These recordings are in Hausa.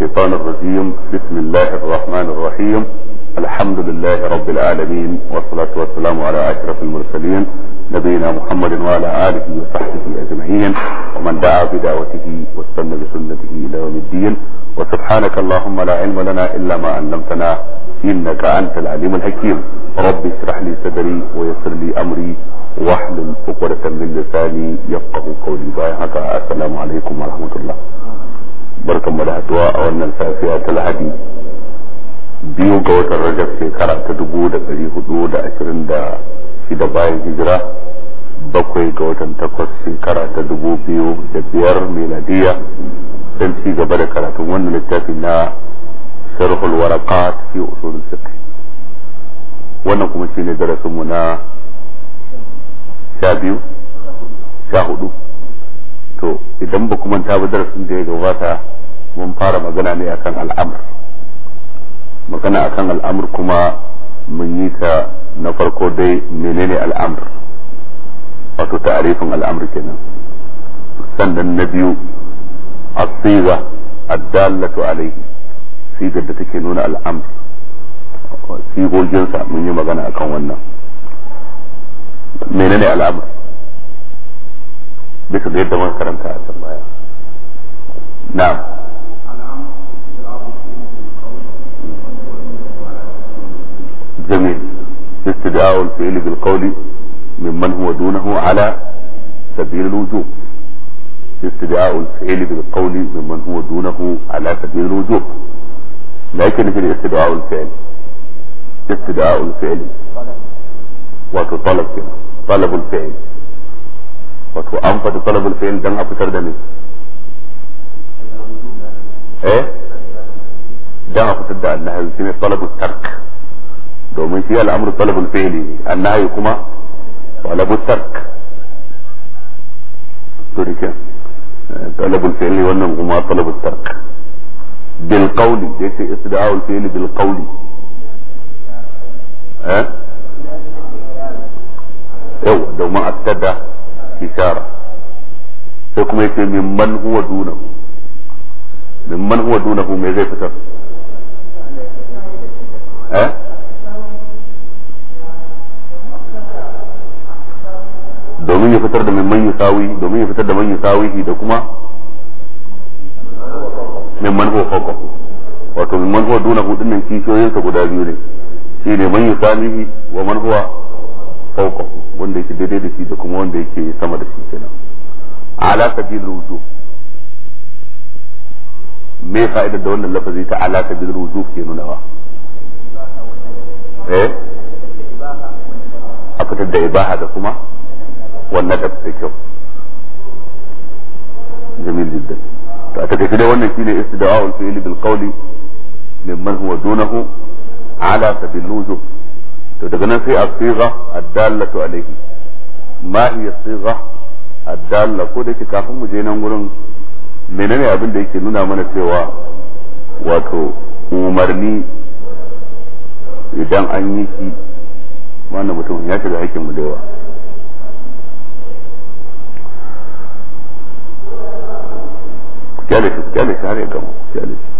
الشيطان الرجيم بسم الله الرحمن الرحيم الحمد لله رب العالمين والصلاة والسلام على أشرف المرسلين نبينا محمد وعلى آله وصحبه أجمعين ومن دعا بدعوته واستنى بسنته إلى يوم الدين وسبحانك اللهم لا علم لنا إلا ما علمتنا إنك أنت العليم الحكيم رب اشرح لي صدري ويسر لي أمري واحلل عقدة من لساني يفقه قولي السلام عليكم ورحمة الله barkan mu da haduwa a wannan safiya ta lahadi biyu ga watan rajab shekara ta dubu da ɗari hudu da ashirin da shida bayan hijira bakwai ga watan takwas shekara ta dubu biyu da biyar meladiya dan ci gaba da karatun wannan littafi na sharhul waraqat fi usul fiqh wannan kuma shine darasinmu na sha biyu sha hudu to idan ba kuma ta darasin da ya gabata mun fara magana ne akan al'amur magana akan al'amur kuma mun yi ta na farko dai menene al'amur wato ta'arifin al'amur kenan sannan na biyu asiga addallatu alaihi sigar da take nuna al'amur sigoginsa mun yi magana akan wannan menene al'amur bisa da yadda muka karanta a can baya جميل استدعاء الفعل بالقول ممن هو دونه على سبيل الوجوب استدعاء الفعل بالقول ممن هو دونه على سبيل الوجوب لكن في الاستدعاء الفعل استدعاء الفعل وتطلب طلب الفعل wato an fata talabul fayin dan a fitar da ni eh dan a fitar da annahi shine talabul tark domin shi al'amru talabul fi'li annahi kuma talabul tark to dike eh, talabul fi'li wannan kuma talabul tark bil qawli yace istida'ul fi'li bil qawli eh yau domin a fitar da ishara sai kuma yake mimman huwa dunahu mimman man huwa dunahu me zai fitar eh domin ya fitar da mimman man yusawi domin ya fitar da man yusawi da kuma mimman huwa fawqahu wato mimman man huwa dunahu dinnan kishoyin kishiyoyinsa guda biyu ne shine man yusawihi wa man huwa fawqahu wanda yake daidai da shi da kuma wanda yake sama da shi kenan ala sabil ruju me fa'idar da wannan lafazi ta ala sabil ruju ke nunawa eh a da ibaha da kuma wannan da take kyau jamil jiddan to a take dai wannan shine istida'ul fi'li bil qawli mimman huwa dunahu ala sabil ruju to daga nan sai as-sigha ad-dallatu alayhi ma hiya as addalla ko da kafin mu je nan gurin menene abin da yake nuna mana cewa wato umarni idan an yi shi wannan mutum ya shiga hakkin mu dawa. kyale shi kyale shi har ya gama kyale shi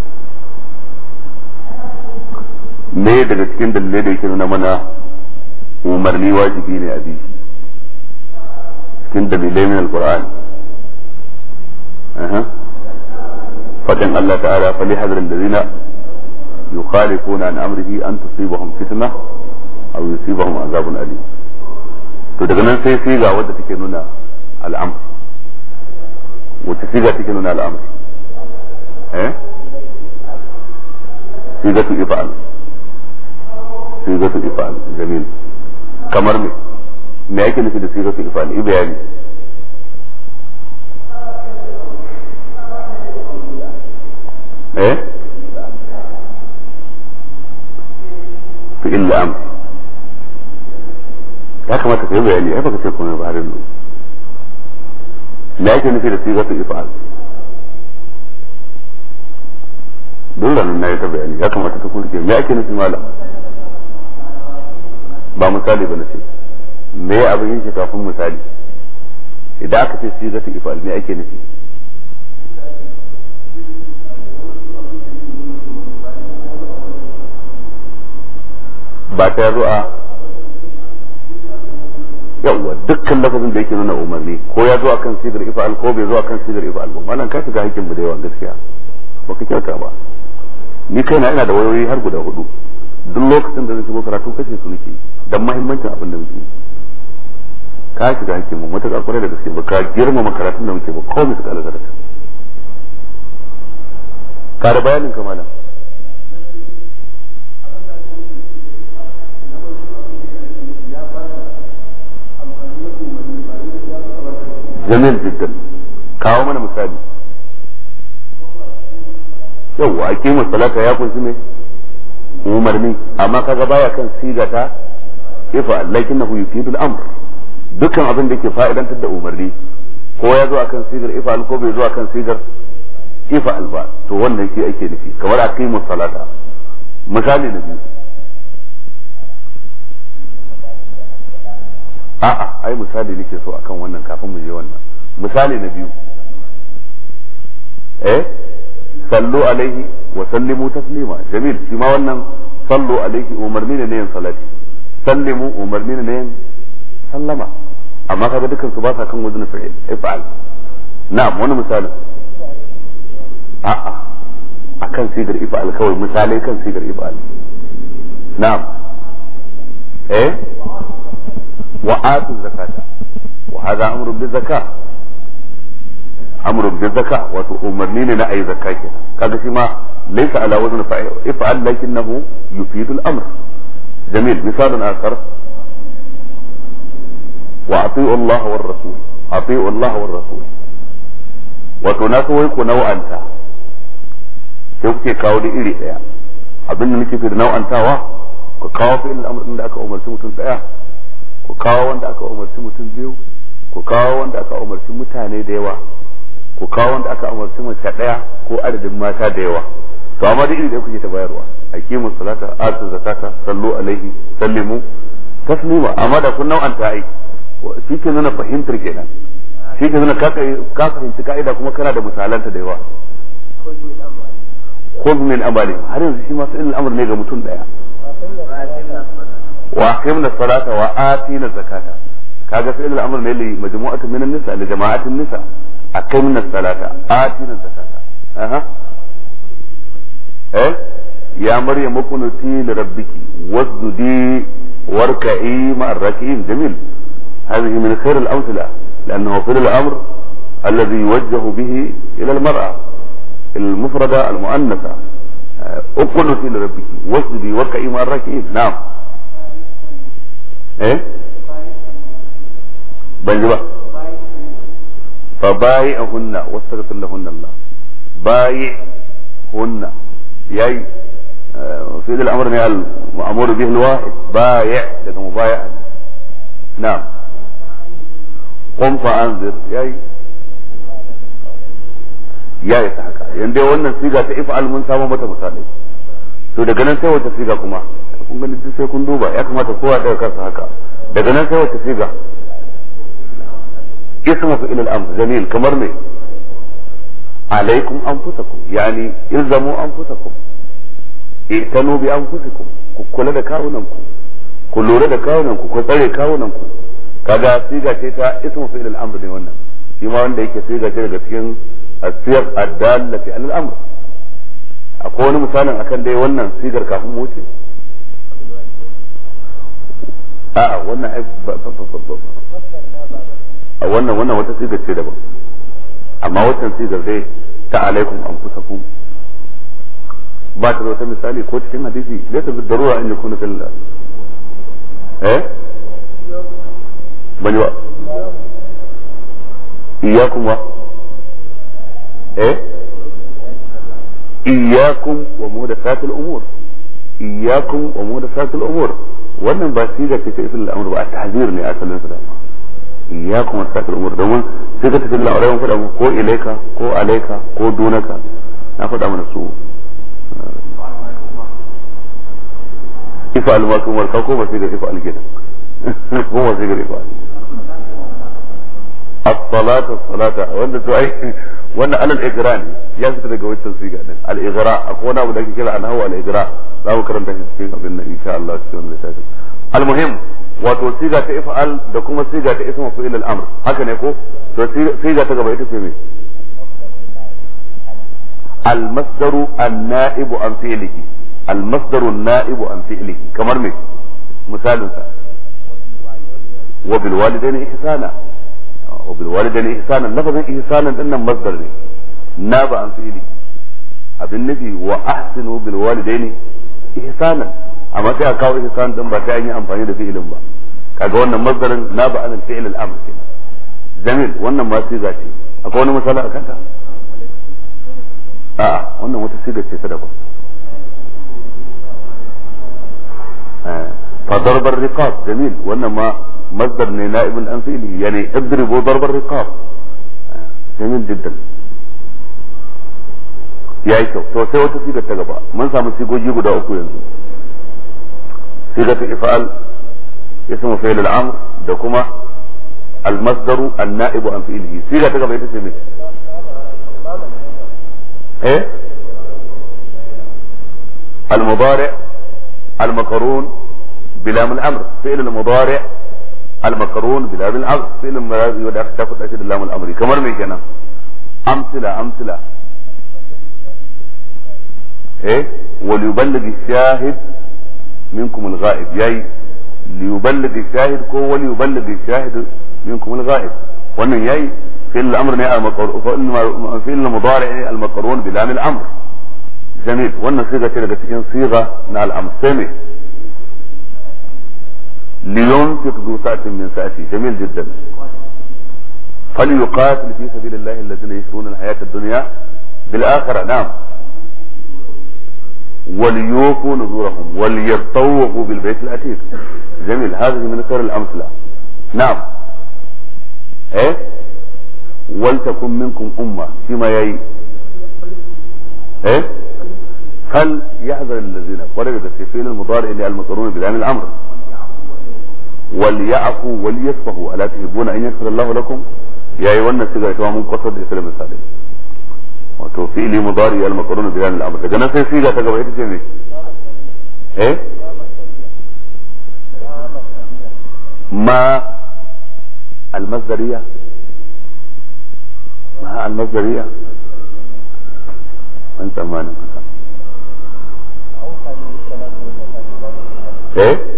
me daga cikin dalilai da yake nuna mana umarni wajibi ne a biyu cikin dalilai min alqur'ani fadin Allah ta'ala fali hadar allazina yukhalifuna an amrihi an tusibahum fitna aw yusibahum azabun alim to daga nan sai siga wadda take nuna al'amr wacce siga take nuna al'amr eh sigatu ifa'al sigatu ifal jamil kamar me me yake nufi da sigatu ifal i bayani eh fi illa am ya kamata ka yi bayani ai baka ce komai ba har yanzu me yake nufi da sigatu ifal dole nan na yi ta bayani ya kamata ka kurke me ake nufi malam ba misali ba na ce me abin yin shi kafin misali idan aka ce sigatu ifa me ake nufi ba ta yi a yawwa dukkan lafazin da yake nuna umarni ko ya zo kan sigar ifal ko bai zo kan sigar ifa ba wannan ka shiga hakkin mu da yawan gaskiya ba ka kyauta ba ni kaina ina da wayoyi har guda hudu duk lokacin da zan shigo karatu kashe su nake dan mahimmancin abin da muke ka shiga hakki mu mutaka kwarai da gaske ba ka girmama karatun da muke ba komai su kala zarata ka da bayanin kamala jamil jiddan kawo mana misali yau a kimar salata ya kunshi mai umarni amma kaga baya kan sigata ifa'al lakinnahu yufidu al-amr dukkan abin da ke fa'idantar da umarni ko ya zo akan sigar ifa'al ko bai zo akan sigar ifa'al ba to wannan shi ake nufi kamar aqimus salata misali na biyu a'a ai misali nake so akan wannan kafin mu je wannan misali na biyu eh sallu alaihi wa sallimu taslima jamil wannan sallu umarni ne yin salati sallimu umarni ne yin sallama amma kaga dukkan su ba sa kan wazin fa'il if'al na'am wani misali a'a akan sigar if'al kawai misalai kan sigar if'al na'am eh wa atu zakata wa hadha amru bi zakah amru bi zakah wato umarni ne na ayi zakka kenan kaga shi ma laysa ala wazn fa'il if'al lakinnahu yufidu al-amr جميل مثال آخر وأطيعوا الله والرسول أطيعوا الله والرسول وتناسوا نوعا sai kuke kawo da iri daya abinda nake fi da nau'antawa ku kawo fi inda amurkin da aka umarci mutum daya ku kawo wanda aka umarci mutum biyu ku kawo wanda aka umarci mutane da yawa ku kawo wanda aka umarci mace daya ko adadin mata da yawa to amma da inda kuke ta bayarwa aqimu salata atu zakata sallu alaihi sallimu taslima amma da kun nau'an ta ai shi ke nuna fahimtar kenan shi ke nuna ka fahimci ka'ida kuma kana da misalanta da yawa khudh min amali har yanzu shi ma ilmin amr ne ga mutum daya wa aqimna salata wa atina zakata kaga sai ilmin amr ne li majmu'atin minan nisa li jama'atin nisa aqimna salata atina zakata aha eh ya maryam kunuti li rabbiki wasjudi warka'i ma'ar jamil هذه من خير الأمثلة لأنه في الأمر الذي يوجه به إلى المرأة المفردة المؤنثة اقنتي آه، لربك واسجدي واركعي مع الراكعين نعم ايه بنجبة فبايعهن واستغفر لهن الله بايعهن yayi fi da al'amr ne al-ma'mur bihi al-wahid bai' daga mubai'a na'am qum fa anzir yayi ya isa haka yanda wannan siga ta if'al mun samu mata misalai to daga nan sai wata siga kuma kun gani duk sai kun duba ya kamata kowa daga kansa haka daga nan sai wata siga ismu fi ilal amr jamil kamar me alaikum anfusakum yani ilzamu anfusakum ihtanu bi anfusikum ku kula da kawunanku ku lura da kawunanku ku tsare kawunanku kaga siga ce ta ismu fi'il al-amr ne wannan shi ma wanda yake siga ce daga cikin asiyar ad-dalla fi al-amr akwai wani misalin akan dai wannan sigar kafin mu wuce a'a wannan ai wannan wannan wata sigar ce daban amma wancan sigar dai ta alaikum anfusakum ba ta da wata misali ko cikin hadisi zai ta darura an yakuna fil eh bani wa iyakum wa eh iyakum wa muhdathatil umur iyakum wa muhdathatil umur wannan ba sigar ce ta ismul amr ba a tahzir ne asalin sa da ya kuma iyyakum wasaqil umur domin sai ka tafi la'urai mun faɗa mu ko ilaika ko alaika ko dunaka na faɗa mana su ifa almakum warka ko masu gari ifa algidan ko masu gari ifa as-salatu as-salata wanda to ai wannan alal igra ne ya fita daga wancan siga din al igra akwai wani abu da ake kira anhawa al igra za mu karanta shi cikin abin nan insha Allah cikin littafin al muhim wato siga ta if'al da kuma siga ta ismu fi'il al-amr haka ne ko to siga ta gaba ita ce me al-masdaru an-na'ibu an fi'lihi al-masdaru naibu an fi'lihi kamar me misalin wa bil walidaini ihsana wa bil walidaini ihsana lafazin ihsana din na ba an fi'li abin wa amma sai a kawo ihsan din ba sai an yi amfani da fi'ilin ba kaga wannan masdarin na ba an fi'il al-amr kenan jamil wannan ma siga ce akwai wani misali akan ta a'a wannan wata siga ce ta daban eh, fa darbar riqab jamil wannan ma masdar ne na ibn an fi'ili yani idribu darbar riqab eh, jamil jiddan yayi kyau to sai wata sigar ta gaba mun samu sigogi guda uku yanzu صيغة إفعال اسم فعل الأمر ده كما المصدر النائب عن فعله صيغة كما يتسمى ايه المضارع المقرون بلام الأمر فعل المضارع المقرون بلام الأمر فعل المضارع يدخل تاخد أشد اللام الأمر كما رمي كنا أمثلة أمثلة ايه وليبلغ الشاهد منكم الغائب ياي ليبلغ الشاهد كو وليبلغ الشاهد منكم الغائب وانا جاي في الامر نهاية المقرون في mudari ne المقرون بلام الامر جميل وانا صيغة jamil wannan صيغة ce الامر سمي لينفق ذو من سعته جميل جدا فليقاتل في سبيل الله الذين يشرون الحياة الدنيا بالآخرة نعم وليوفوا نذورهم وليطوفوا بالبيت العتيق جميل هذه من أكثر الامثله نعم ايه ولتكن منكم امه فيما يي ايه هل يحذر الذين قرر في المضارع اللي المقرون بالعين الامر وليعفوا وليصفحوا الا تحبون ان يغفر الله لكم يا ايها الناس إذا من قصد اسلام الصالحين wato fi'ili mudari al maqrun bi al amr daga nan sai siga ta gaba ita ce me eh ما المصدرية ما المصدرية أنت ما نفسك إيه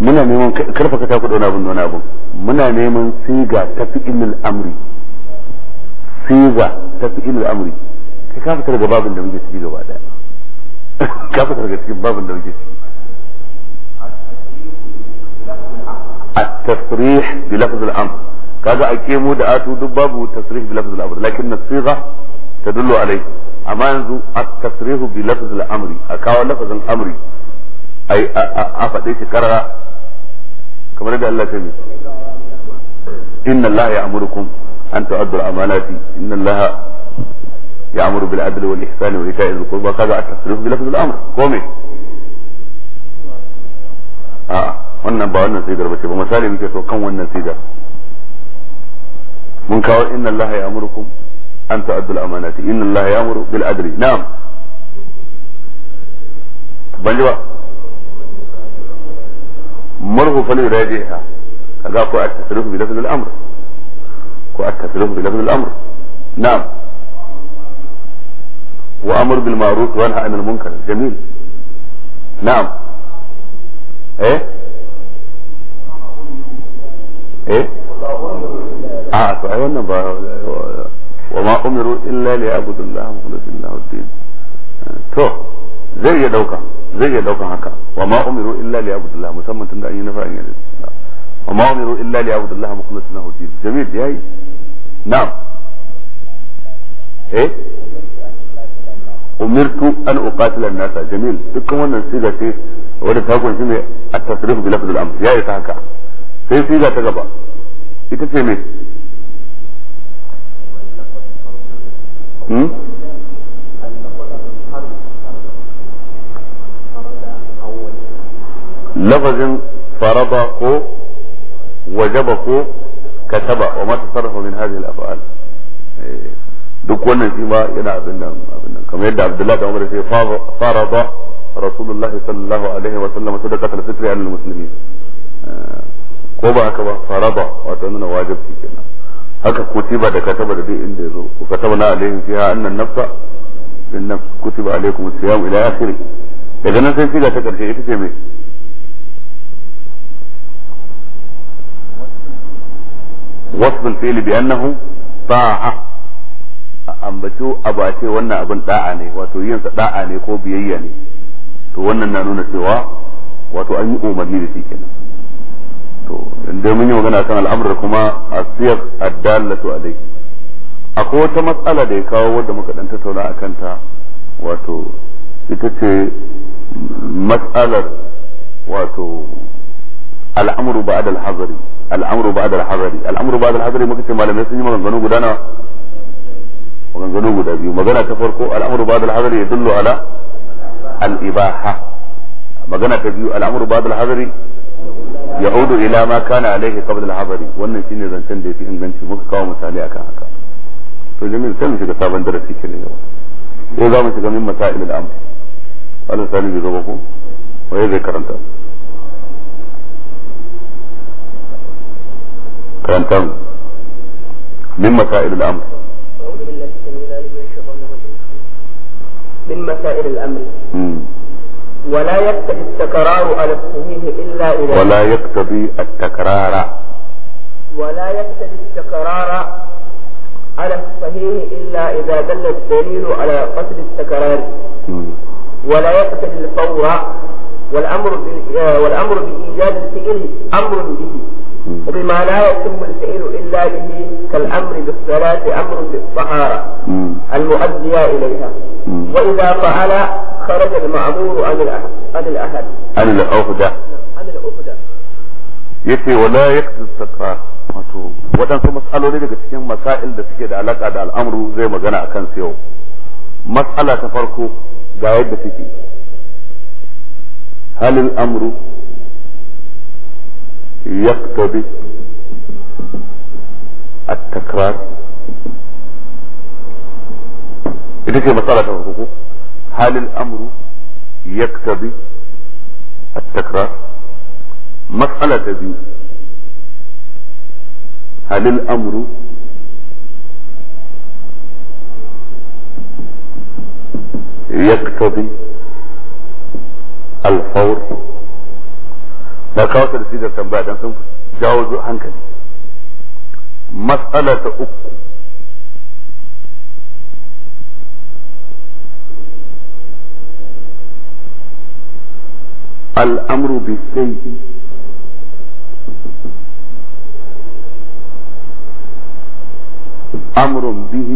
muna neman karfa ka taku dona abin dona abin muna neman siga ta fi'ilul amri siga ta fi'ilul amri kai ka fitar ga babin da muke ciki gaba daya ka fitar ga cikin babin da muke ciki التصريح بلفظ الامر كذا اقيموا دعاتوا دباب والتصريح بلفظ الامر لكن الصيغه تدل عليه اما ينزو التصريح بلفظ الامر اكاو لفظ الامر اي افدي شي kamar da Allah ta yi inna Allah ya'murukum an tu'addu al-amanati inna Allah ya'muru bil adli wal ihsani wa ita'i dhil qurba kaza at-tasrif bi lafzil amr ko me a'a wannan ba wannan sigar bace ba misali muke so kan wannan sigar mun kawo inna Allah ya'murukum an tu'addu al-amanati inna Allah ya'muru bil adli na'am ban ji مره فليراجعها كذا كو التسليف بلفظ الامر كو التسليف بلفظ الامر نعم وامر بالمعروف وانهى عن المنكر جميل نعم ايه ايه اه تو وما امروا الا ليعبدوا الله مخلصين له الدين آه، تو zai iya dauka zai iya dauka haka wa ma umiru illa li abdullah musamman tunda an yi na an yi wa ma umiru illa li abdullah mukhlisina lahu din jamil yayi na'am eh umirtu an uqatila an-nas jamil dukkan wannan siga ce wanda ta kunshi ne at tasrif bi lafzul amr yayi ta haka sai siga ta gaba ita ce me hmm lafazin faraba ko wajaba ko kataba wa ma tasarrafa min hadhihi al-af'al duk wannan shi ma yana abin nan abin nan kamar yadda Abdullahi da Umar sai Rasulullah sallallahu alaihi wa sallam sadaqat al-fitr al-muslimin ko ba haka ba wato nuna wajibi kenan haka kutiba da kataba da duk inda yazo ku kataba na fiha annan nafsa kutiba alaikum as-siyam ila akhirih daga nan sai ta karshe ita ce mai وصف الفعل بأنه طاعة ambato abu a ce wannan abin da'a ne wato yin da'a ne ko biyayya ne to wannan na nuna cewa wato an yi umarni da shi kenan to inda mun yi magana kan al'amuran kuma asiyar a alai akwai wata matsala da ya kawo wadda muka dan tattauna a kanta wato ita ce matsalar wato al'amru ba'da al-hazari al-hazari al'amru ba'da hazari muka ce malamai sun yi maganganu guda nawa maganganu guda biyu magana ta farko al-hazari yadullu ala magana ta biyu al-hazari wannan shine zancen da yafi inganci muka kawo misali akan haka to jami'in sai mu shiga sabon darasi yau za mu shiga min masail al-amr wannan ko wai zai karanta فينتهوا من مسائل الامر من مسائل الامر ولا يقتضي التكرار على الصحيح الا اذا ولا يقتضي التكرار ولا يقتضي التكرار على الصحيح إلا إذا دل الدليل على قصد التكرار ولا يقتضي الفور والأمر والأمر بإيجاد الفعل أمر به وبما لا يتم الفعل إلا به كالأمر بالصلاة أمر بالطهارة المؤدية إليها وإذا فعل خرج المعمور عن الأهل عن الأهل عن العهدة عن العهدة yace wala yaktu sakra wato waɗansu matsaloli daga cikin masail da suke da alaka da al'amru zai magana a kan yau matsala ta farko ga yadda suke halin يقتضي التكرار إذا في مسألة الحقوق هل الأمر يقتضي التكرار مسألة دي هل الأمر يقتضي الفور ba kawo ta da sigar tambaya don sun jawo hankali matsala ta uku al'amuru الأمر بالشيء أمر به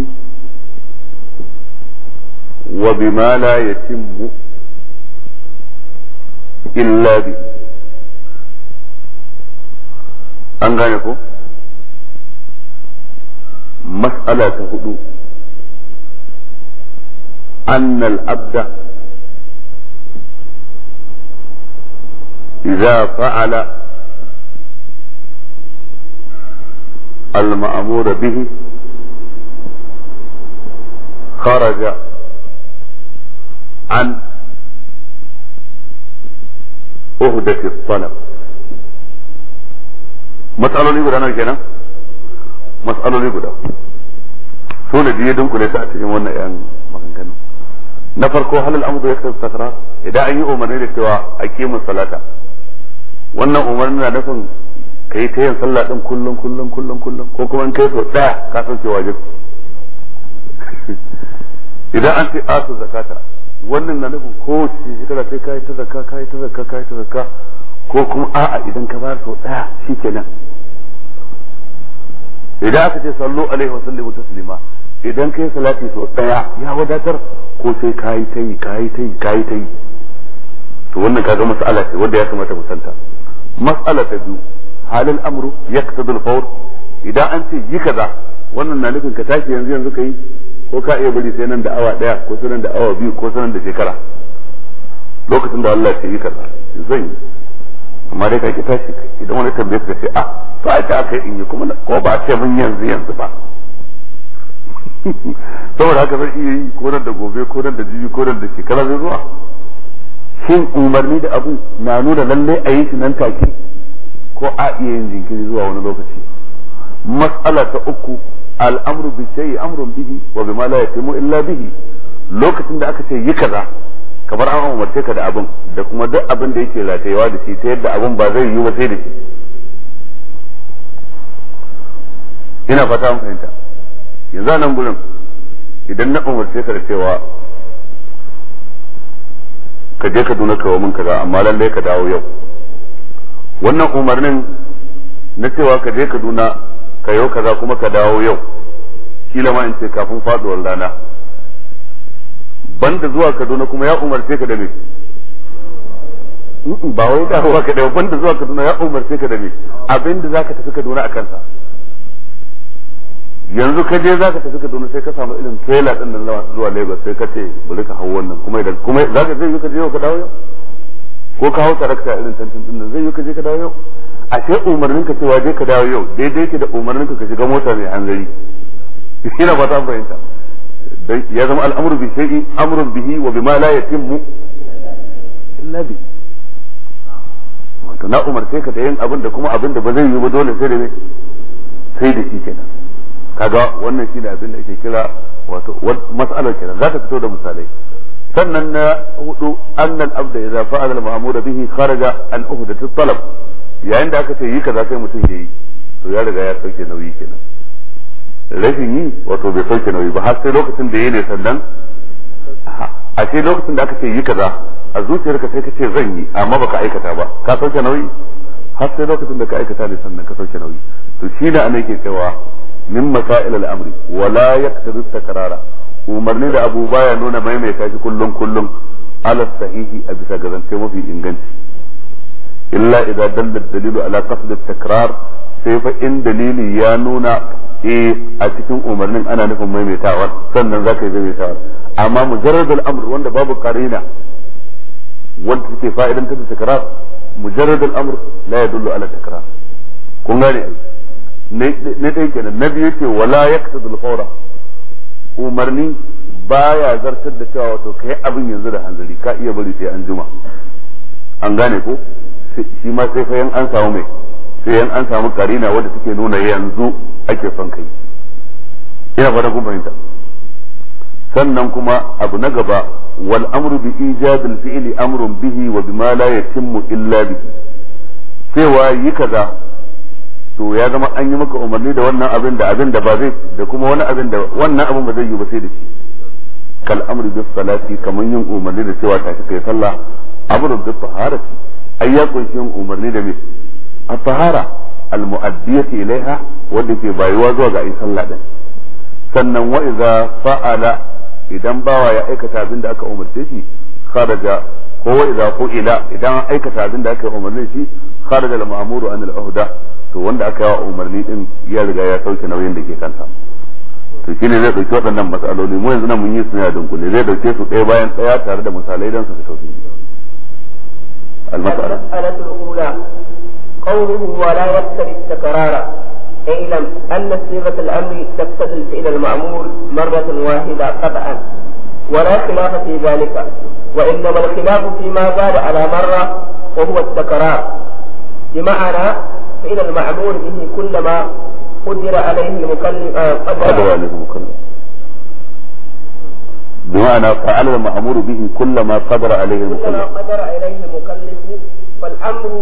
وبما لا يتم إلا به an gane ko mas'ala ta hudu أن العبد إذا فعل المأمور به خرج عن أهدة الطلب matsaloli guda nawa kenan matsaloli guda su ne biyu dunkule ta a cikin wannan yan maganganu na farko halal amdu ya kasu takara idan an yi umarni da cewa a kimin salata wannan umarni na nufin ka yi ta yin sallah din kullum kullum kullum kullum ko kuma in kai so ɗaya ka san cewa jin idan an ce asu zakata wannan na nufin kowace shekara sai ka yi ta zakka ka yi ta zakka ka yi ta zakka ko kuma a'a idan ka bar sau daya kenan idan aka ce sallu alaihi wasallimu taslima idan kai salati sau daya ya wadatar ko sai kayi ta yi kayi ta yi kayi ta yi to wannan kaga mas'ala ce wanda ya kamata mu santa mas'ala ta biyu halin amru yaqtadul fawr idan an ce yi kaza wannan na nufin ka tashi yanzu yanzu kai ko ka iya bari sai nan da awa daya ko sai nan da awa biyu ko sai nan da shekara lokacin da Allah ya yi kaza zan yi amma dai kake tashi idan wani tambaye ka ce ah to ai ta kai in yi kuma ko ba ce mun yanzu yanzu ba saboda haka zan iya yi ko da gobe ko nan da jibi ko nan da shekara zai zuwa shin umarni da abu na nuna lallai a yi shi nan take ko a iya yin jinkiri zuwa wani lokaci mas'ala ta uku al'amru bi shay'in amrun bihi wa bima la yatimu illa bihi lokacin da aka ce yi kaza kamar an umarce ka da abin da kuma duk abin da yake ratayewa da shi ta yadda abin ba zai yi ba sai da shi ina fata mun fahimta yanzu a nan gurin idan na umarce ka da cewa ka je ka duna kawo min kaza amma lallai ka dawo yau wannan umarnin na cewa ka je ka duna ka yau kaza kuma ka dawo yau kila ma in ce kafin faduwar rana banda zuwa Kaduna kuma ya umarce ka da me ba wai da zuwa Kaduna banda zuwa Kaduna ya umarce ka da me abinda zaka tafi Kaduna a kansa yanzu ka je zaka tafi Kaduna sai ka samu irin trailer din nan zuwa Lagos sai ka ce bari ka hawo wannan kuma idan kuma zaka zai yi ka je ka dawo yau ko ka hawo tarakta irin tantin din nan zai yi ka je ka dawo yau a ce umarnin ka cewa je ka dawo yau daidai ke da umarnin ka ka shiga mota mai hanzari ina ba ta fahimta ya zama al'amuru bi shay'i amrun bihi wa bima la yatimmu illa bi wato na umarce ka da yin abin da kuma abin da ba zai yi ba dole sai da me sai da shi kenan kaga wannan shine abin da ake kira wato mas'alar kenan za ta fito da misalai sannan na hudu annal abda idza fa'ala al-ma'mura bihi kharaja an uhdatu talab yayin da aka ce yi kaza sai mutum yi to ya riga ya sauke nauyi kenan rashin yi wato bai sauke nauyi ba har sai lokacin da yi ne sannan a sai lokacin da aka ce yi kaza a zuciyarka sai ka ce zan yi amma baka aikata ba ka sauke nauyi har sai lokacin da ka aikata ne sannan ka sauke nauyi to shi ne ana yake cewa min masail al-amri wala yaqtadi takrara umarni da abu baya nuna maimaita shi kullum kullum ala sahihi a bisa ga zance mafi inganci illa idan dalla dalilu ala qasd at-takrar sai fa in dalili ya nuna e a cikin umarnin ana nufin maimaitawar sannan za ka yi maimaitawar amma mujarradul al'amur wanda babu karina wanda take fa'idan ta takrar mujarradul amr la yadullu ala takrar kun gane ne dai kenan nabi yace wala yaqtadul fawra umarni baya zartar da cewa wato kai abin yanzu da hanzari ka iya bari sai an juma an gane ko shi ma sai fa yan an samu mai sai yan an samu karina wadda take nuna yanzu ake son kai ina ba da kun fahimta sannan kuma abu na gaba wal amru bi ijabil fi'li amrun bihi wa bima la yatimmu illa bihi cewa yi kaza to ya zama an yi maka umarni da wannan abin da abin da ba zai da kuma wani abin da wannan abin ba zai yi ba sai da shi kal amru bis salati kaman yin umarni da cewa ta kai sallah amru bis taharati ayyakun yin umarni da me at-tahara al-mu'addiyati wanda ke bayuwa zuwa ga ayi sallah din sannan wa bawa ya aikata abin da aikata abin aka umarce shi kharaja al-ma'muru aka umarni ya riga ya sauke nauyin da ke kansa to shine zai dauki waɗannan matsaloli mu yanzu nan mun yi su ne a dunkule zai dauke su ɗaya bayan ɗaya tare da misalai don su fito su al-mas'ala قوله ولا يقتضي التكرار اعلم أن صيغة الأمر تقتضي الفعل المأمور مرة واحدة قطعا ولا خلاف في ذلك وإنما الخلاف فيما زاد على مرة وهو التكرار بمعنى فعل المعمول به كلما قدر عليه المكلف آه، قدر عليه المكلف بمعنى فعل المأمور به كلما قدر عليه المكلف كلما قدر عليه المكلف فالأمر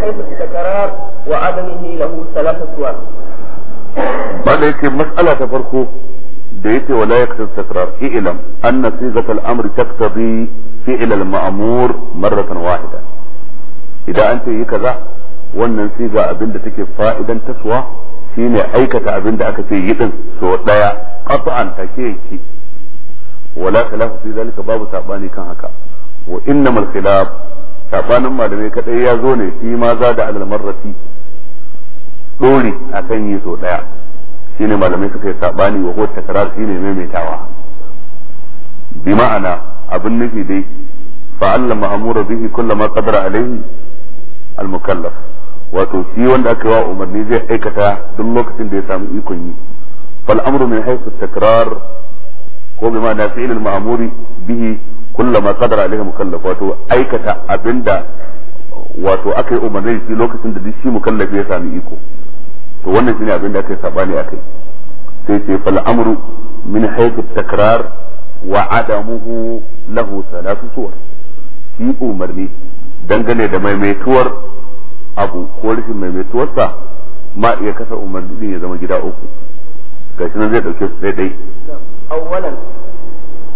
حيث التكرار وعدمه له ثلاثة عليك مسألة تفرقه بيتي ولا يكثر التكرار اعلم أن صيغة الأمر تقتضي فعل المأمور مرة واحدة إذا أنت كذا wannan siga abin da take fa'idan taswa shine aikata abin da aka ce yi din so daya qat'an take yake wala khilafu fi zalika babu sabani kan haka wa innamal khilaf sabanin malamai kadai ya zo ne shi ma za da almarrafi marrati a akan yi so daya shine malamai suka yi sabani wa kowace takrar shine maimaitawa bi ma'ana abin nufi dai fa'alla ma'amura bihi kullama qadara alaihi al wato shi wanda aka yi wa umarni zai aikata duk lokacin da ya samu ikon yi fal amru min haythu takrar ko bi ma'ana fi'l al-ma'muri bihi kullama qadara alaihi mukallaf wato aikata abinda wato aka yi umarni shi lokacin da shi mukallafi ya sami iko to wannan shine abin da aka yi sabani akai sai ce fal amru min haythu takrar wa adamuhu lahu salatu suwar shi umarni dangane da maimaituwar abu ko rashin maimaituwarsa ma iya kasa umarni din ya zama gida uku gashi nan zai dauke su daidai awwalan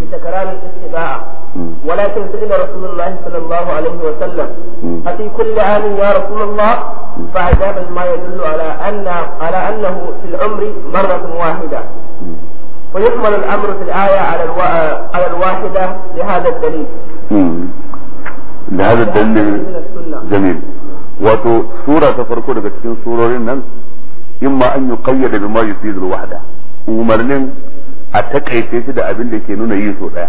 بسكران الاستطاعة ولكن سئل رسول الله صلى الله عليه وسلم أفي كل عام يا رسول الله فأجاب ما يدل على أن على أنه في العمر مرة واحدة ويحمل الأمر في الآية على الو... على الواحدة لهذا الدليل لهذا الدليل جميل وتو سورة ta farko سورة إما أن يقيد بما an yi kayyade bi a takaice shi da abin da ke nuna yi so daya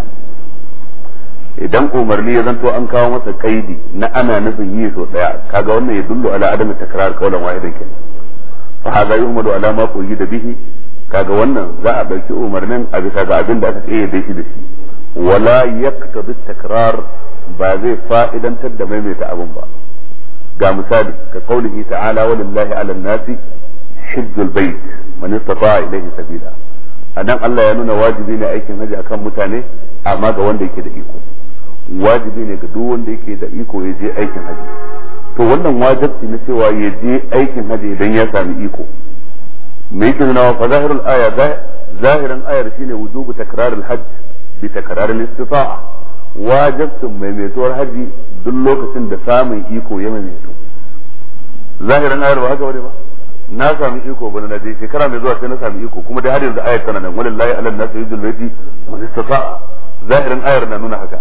idan umarni ya zanto an kawo masa kaidi na ana nufin yi so daya kaga wannan ya dullu ala adam takrar kaulan wahidan kenan fa hada yu'madu ala ma da bihi kaga wannan za a dauki umarnin a bisa ga abin da aka da shi da shi wala yaqtadi takrar ba zai fa'idantar da maimaita abin ba ga misali ka kaulihi ta'ala walillahi ala nasi hijjul bait man istata'a ilayhi sabila a nan Allah ya nuna wajibi ne aikin haji akan mutane amma ga wanda yake da iko wajibi ne ga duk wanda yake da iko ya je aikin haji to wannan wajibi na cewa ya je aikin haji idan ya sami iko me yake nuna fa zahirul aya zahirin ayar shine wujubu takrarul hajj bi takrarul istita'a wajibin maimaituwar haji duk lokacin da samun iko ya maimaitu zahirin ayar ba haka bane ba na sami iko bana na je shekara mai zuwa sai na sami iko kuma dai har yanzu ayar tana nan walillahi ala nas yujul baiti man istata zahirin ayar na nuna haka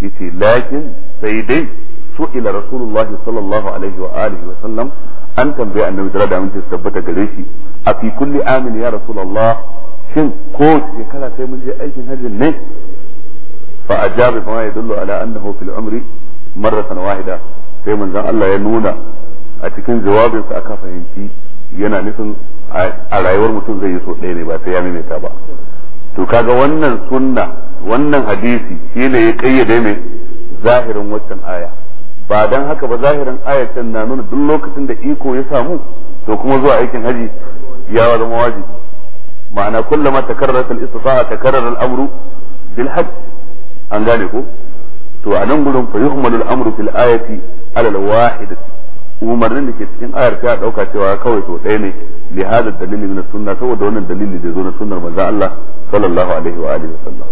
yace lakin sai dai su ila rasulullah sallallahu alaihi wa alihi wa sallam an tambaye annabi da da tabbata gare shi a fi kulli amin ya rasulullah shin ko shekara sai mun je aikin hajji ne fa a bima yadullu ala annahu fil umri marratan wahida sai manzon Allah ya nuna a cikin jawabinsa aka fahimci yana nufin a rayuwar mutum zai yi so ɗaya ne ba sai ya maimaita ba to kaga wannan sunna wannan hadisi ne ya kayyade mai zahirin waccan aya ba dan haka ba zahirin ayatan na nuna duk lokacin da iko ya samu to kuma zuwa aikin haji ya zama wajibi ma'ana kullama takarrarat al-istita'a takarrara al-amru bil hajj an gane ko to a nan gurin fa yuhmalu al-amru fil ayati ala al-wahidati umarnin da ke cikin ayar ta dauka cewa kawai to ɗaya ne li hada dalili min sunna saboda wannan dalili da zo na sunnar manzo Allah sallallahu alaihi wa alihi wasallam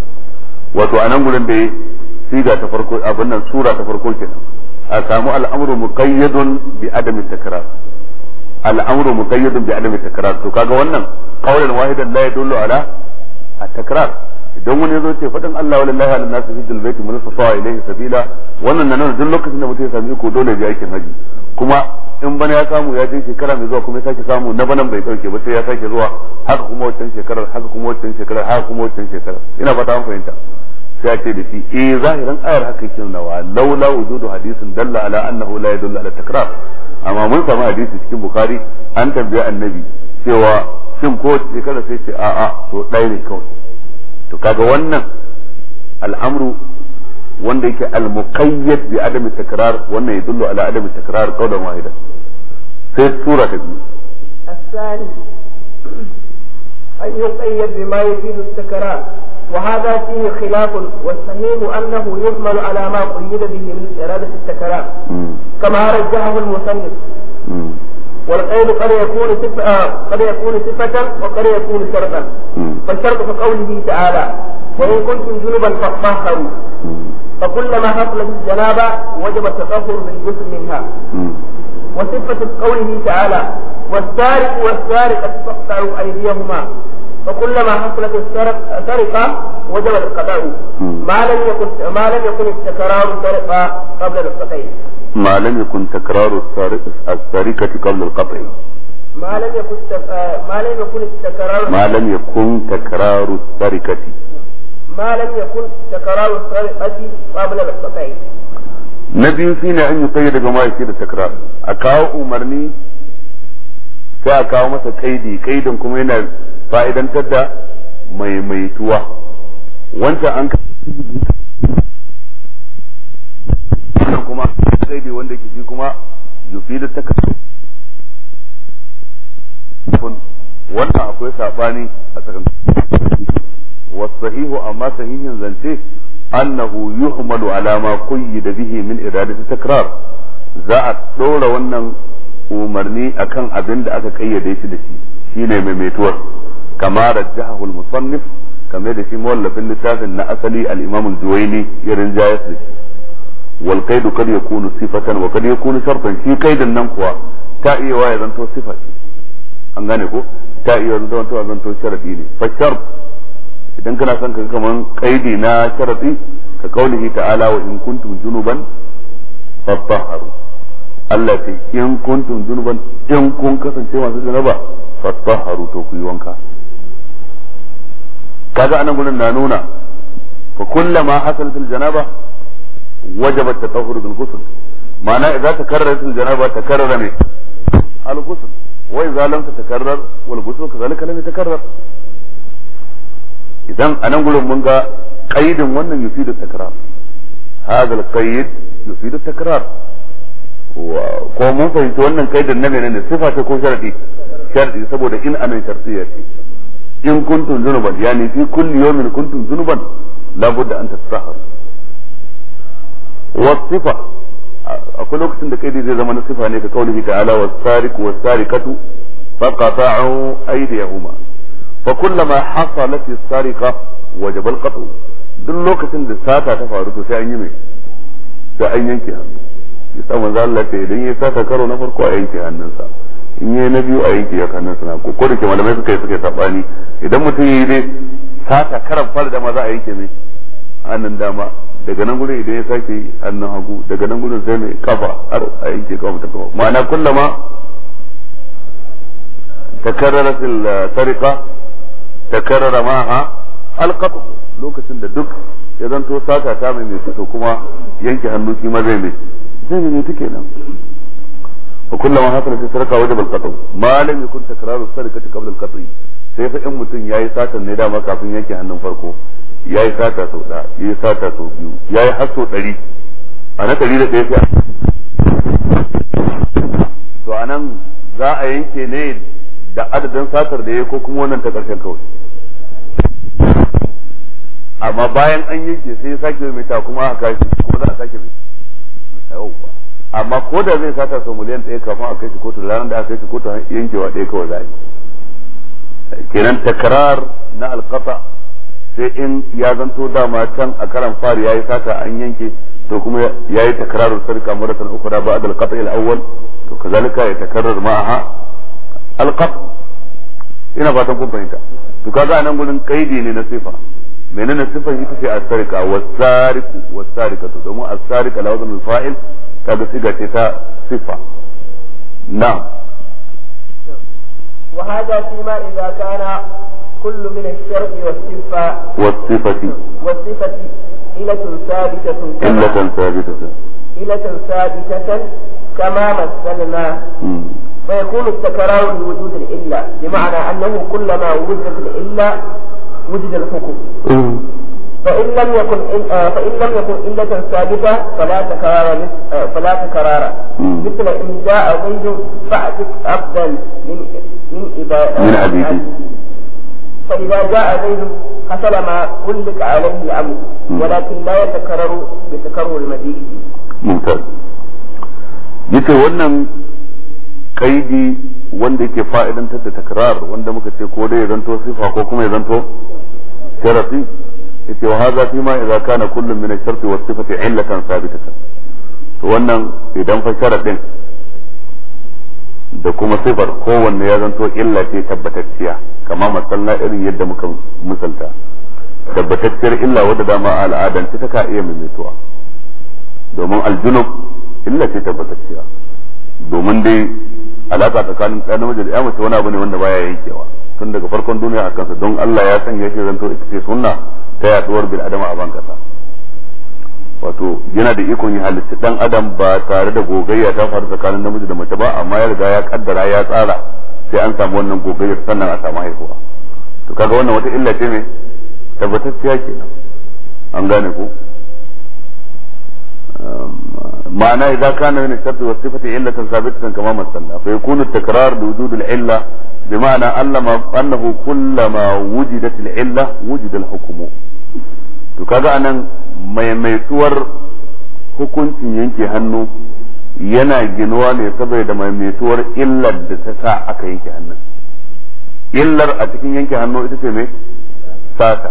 wato anan gurin da siga ta farko abin nan sura ta farko kenan a samu al'amru muqayyadun bi adami takrar al'amru muqayyadun bi adami takrar to kaga wannan qawlan wahidan la yadullu ala at-takrar idan wani zo ce fadin Allah wa lillahi ala nasu hijjul baiti man istata'a ilayhi sabila wannan nan duk lokacin da mutum ya sami iko dole ya aikin haji kuma in bana ya samu ya je shekara mai zuwa kuma ya sake samu na banan bai dauke ba sai ya sake zuwa haka kuma wancan shekarar haka kuma wancan shekarar haka kuma wancan shekarar ina fata an fahimta sai ya ce da shi eh zahiran ayar haka yake nawa laula wujudu hadisin dalla ala annahu la yadullu ala takrar amma mun samu hadisi cikin bukhari an tambaye annabi cewa shin ko shekara sai ce a'a to ɗaya ne kawai to kaga wannan al'amru wanda yake al-muqayyad bi adami takrar wannan yadullu ala adami takrar qawlan wahida sai sura ta biyu asali الثاني أن takrar wa يفيد fihi khilaf wa خلاف annahu yuhmal ala ma qayyada bihi min iradati takrar kama كما al-musannif والقول قد يكون صفة آه، قد يكون صفة وقد يكون شرطا فالشرط كقوله تعالى وإن كنتم جنبا فاطهروا فكلما حصلت الجنابة وجب التطهر بالجسم منها وصفة قوله تعالى والسارق والسارقة فاقطعوا أيديهما فكلما حصلت السرقة وجب القضاء ما لم يكن ما لم يكن التكرار سرقة قبل القطع ما لم يكن تكرار السرقة قبل القطع ما لم يكن ما لم يكن التكرار ما لم يكن تكرار السرقة ما لم يكن تكرار السرقة قبل القطع نبي فينا أن an بما يصير التكرار أكاو أمرني sai a kawo masa kaidi kaidin kuma yana fa'idantar da maimaituwa wancan an wannan kuma kaidi wanda ke shi kuma yufidu takassu wannan akwai sabani a tsakanin wasahihu amma sahihin zance annahu yuhmalu ala ma da bihi min iradati takrar za a dora wannan umarni akan abin da aka kayyade shi da shi shine maimaituwar kama rajjahu al-musannif kame da shi mawallafin littafin na asali al-imam al-juwayni ya rinjayar da shi wal qaidu kad yakunu sifatan wa kad yakunu shartan shi kaidan nan kuwa ta iya wa ya zanto sifa ce an gane ko ta iya zanto ya zanto sharadi ne fa shart idan kana son ka kaman kaidi na sharadi ka kaulihi ta'ala wa in kuntum junuban fatahharu Allah ce in kuntum zunuban in kun kasance masu janaba fatahharu to ku yi wanka kaga anan gurin na nuna fa kullama hasalat al janaba wajabat tatahhuru bil ghusl ma'ana idza takarrarat al janaba takarrara ne al ghusl wa idza lam tatakarrar wal ghusl kadhalika lam yatakarrar idan anan gurin mun ga qaidin wannan yufidu takrar hadha al qaid yufidu takrar ko mun fahimci wannan kai da na ne sifa ce ko sharadi sharadi saboda in anan shartiya ce in kuntum zunuban yani fi kulli yawmin kuntum zunuban la budda an tasahar wa sifa akwai lokacin da kaidi zai zama na sifa ne ka kaulihi ta'ala was sariq was sariqatu faqata'u aydiyahuma fa kullama hasalat as-sariqa wajaba al-qat'u duk lokacin da sata ta faru to sai an yi mai sai an yanke hannu yasa manzo Allah ta idan ya saka karo na farko a yanke hannunsa in yayi na biyu a yanke ya hannunsa na ko da ke malamai suka yi suka sabani idan mutum yayi dai saka karan fara da za a yanke mai hannun dama daga nan gudun idan ya sake hannun hagu daga nan gudun sai mai kafa har a yanke kafa ta kafa ma'ana kullama takarrarat al-sariqa takarrara maha al lokacin da duk ya zanto saka ta mai mai fito kuma yanke hannu shi ma zai mai zai ke nan wa kullama hasala sai sarka wajen alqatl ma lam yakun takraru sarqati qabla alqatl sai fa in mutum yayi satan ne dama kafin yanke hannun farko yayi sata sau da yayi sata sau biyu yayi har sau dari a na dari da ɗaya sai to anan za a yanke ne da adadin satar da ya ko kuma wannan ta ƙarshen kawai amma bayan an yanke sai ya sake mai ta kuma aka kashi kuma za a sake mai amma ko da zai sata sau miliyan ɗaya kafin a kai shi kotu ranar da aka kai shi kotu yankewa ɗaya kawai zai kenan takrar na alƙasa sai in ya zanto dama can a karan fari ya yi sata an yanke to kuma ya yi takrarar sarka maratan ukura ba da alƙasa il awwal to kazalika ya ma ma'aha alƙasa ina fatan kun fahimta to kaga a nan gurin kaidi ne na sifa menene sifar ita ce as والسارق والسارقه sariqu was-sarikatu domin as-sarika la صفه نعم fail kaga siga ce ta sifa وهذا فيما إذا كان كل من الشرط والصفة والصفة والصفة إلة ثابتة إلة ثابتة إلة ثابتة كما مثلنا فيكون التكرار لوجود الإلة بمعنى أنه كلما وجدت الإلة وجد الحكم فإن لم يكن فإن لم يكن علة ثابتة فلا تكرار فلا تكرار مثل إن جاء زيد فأعتق عبدا من من من عبيده فإذا جاء زيد حصل ما كلك عليه الأمر ولكن لا يتكرر بتكرر المجيء ممتاز. Yace wannan kaidi wanda yake fa'idantar da takrar wanda muka ce ko dai ya zanto sifa ko kuma ya zanto sharafi ce wa hadha fi ma idza kana kullun min ash-sharti wa sifati illatan sabitatan to wannan idan fa sharadin da kuma sifar kowanne ya zanto illa ce tabbatacciya kama masalla irin yadda muka misalta tabbatacciyar illa wadda dama a al'adance ta ka iya maimaituwa domin aljunub illa ce tabbatacciya domin dai alaka tsakanin ɗan namiji da ya mace wani abu ne wanda baya yankewa tun daga farkon duniya a kansa don Allah ya sanya shi zanto ita ce sunna ta yaduwar bil adama a bankasa wato yana da ikon ya halitta dan adam ba tare da gogayya ta faru tsakanin namiji da mace ba amma ya riga ya kaddara ya tsara sai an samu wannan gogayyar sannan a samu haihuwa to kaga wannan wata illa ce ne tabbatacciya kenan an gane ko معناه إذا كان من الشرط والصفة علة ثابتة كما مثلنا فيكون التكرار بوجود العلة بمعنى أنه كلما وجدت العلة وجد الحكم تكاد أن maimaituwar hukuncin yanke hannu yana ginawa ne saboda maimaituwar illar da ta sa aka yanke hannun illar a cikin yanke hannu ita ce mai sata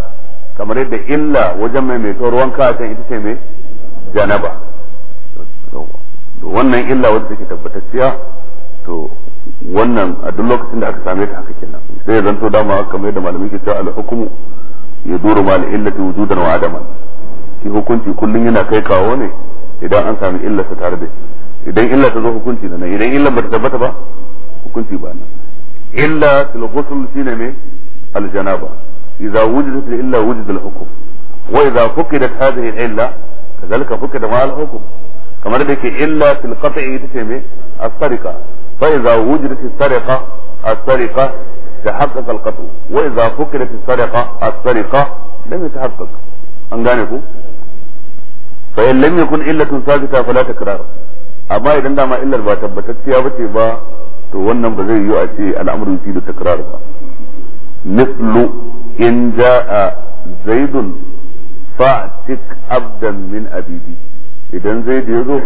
kamar yadda illa wajen maimaituwar wanka a can ita ce mai janaba wannan illa wadda take tabbatacciya to wannan a duk lokacin da aka same ta haka kenan sai zan zanto dama kamar yadda malamai ke cewa al-hukmu yaduru ma al-illati wujudan wa adaman shi hukunci kullun yana kai kawo ne idan an sami illa ta tare da shi idan illa ta zo hukunci na idan illa ta tabbata ba hukunci ba nan illa til ghusl shine me al-janaba idza wujidat illa wujida al-hukm wa idza fuqidat hadhihi al-illa kazalika fuka da ma'al hukum kamar da ke illa fil qat'i ita ce me as-sariqa fa idza wujidat as-sariqa as-sariqa tahaqqaqa al-qat'u wa idza fukirat as-sariqa as-sariqa lam yatahaqqaq an gane ku fa in lam yakun illatun sabita fala takrar amma idan dama illar ba tabbatacciya bace ba to wannan ba zai yi a ce al'amarin fi da takrar ba mislu in jaa zaidun fa'tik abdan min abidi idan zai da yazo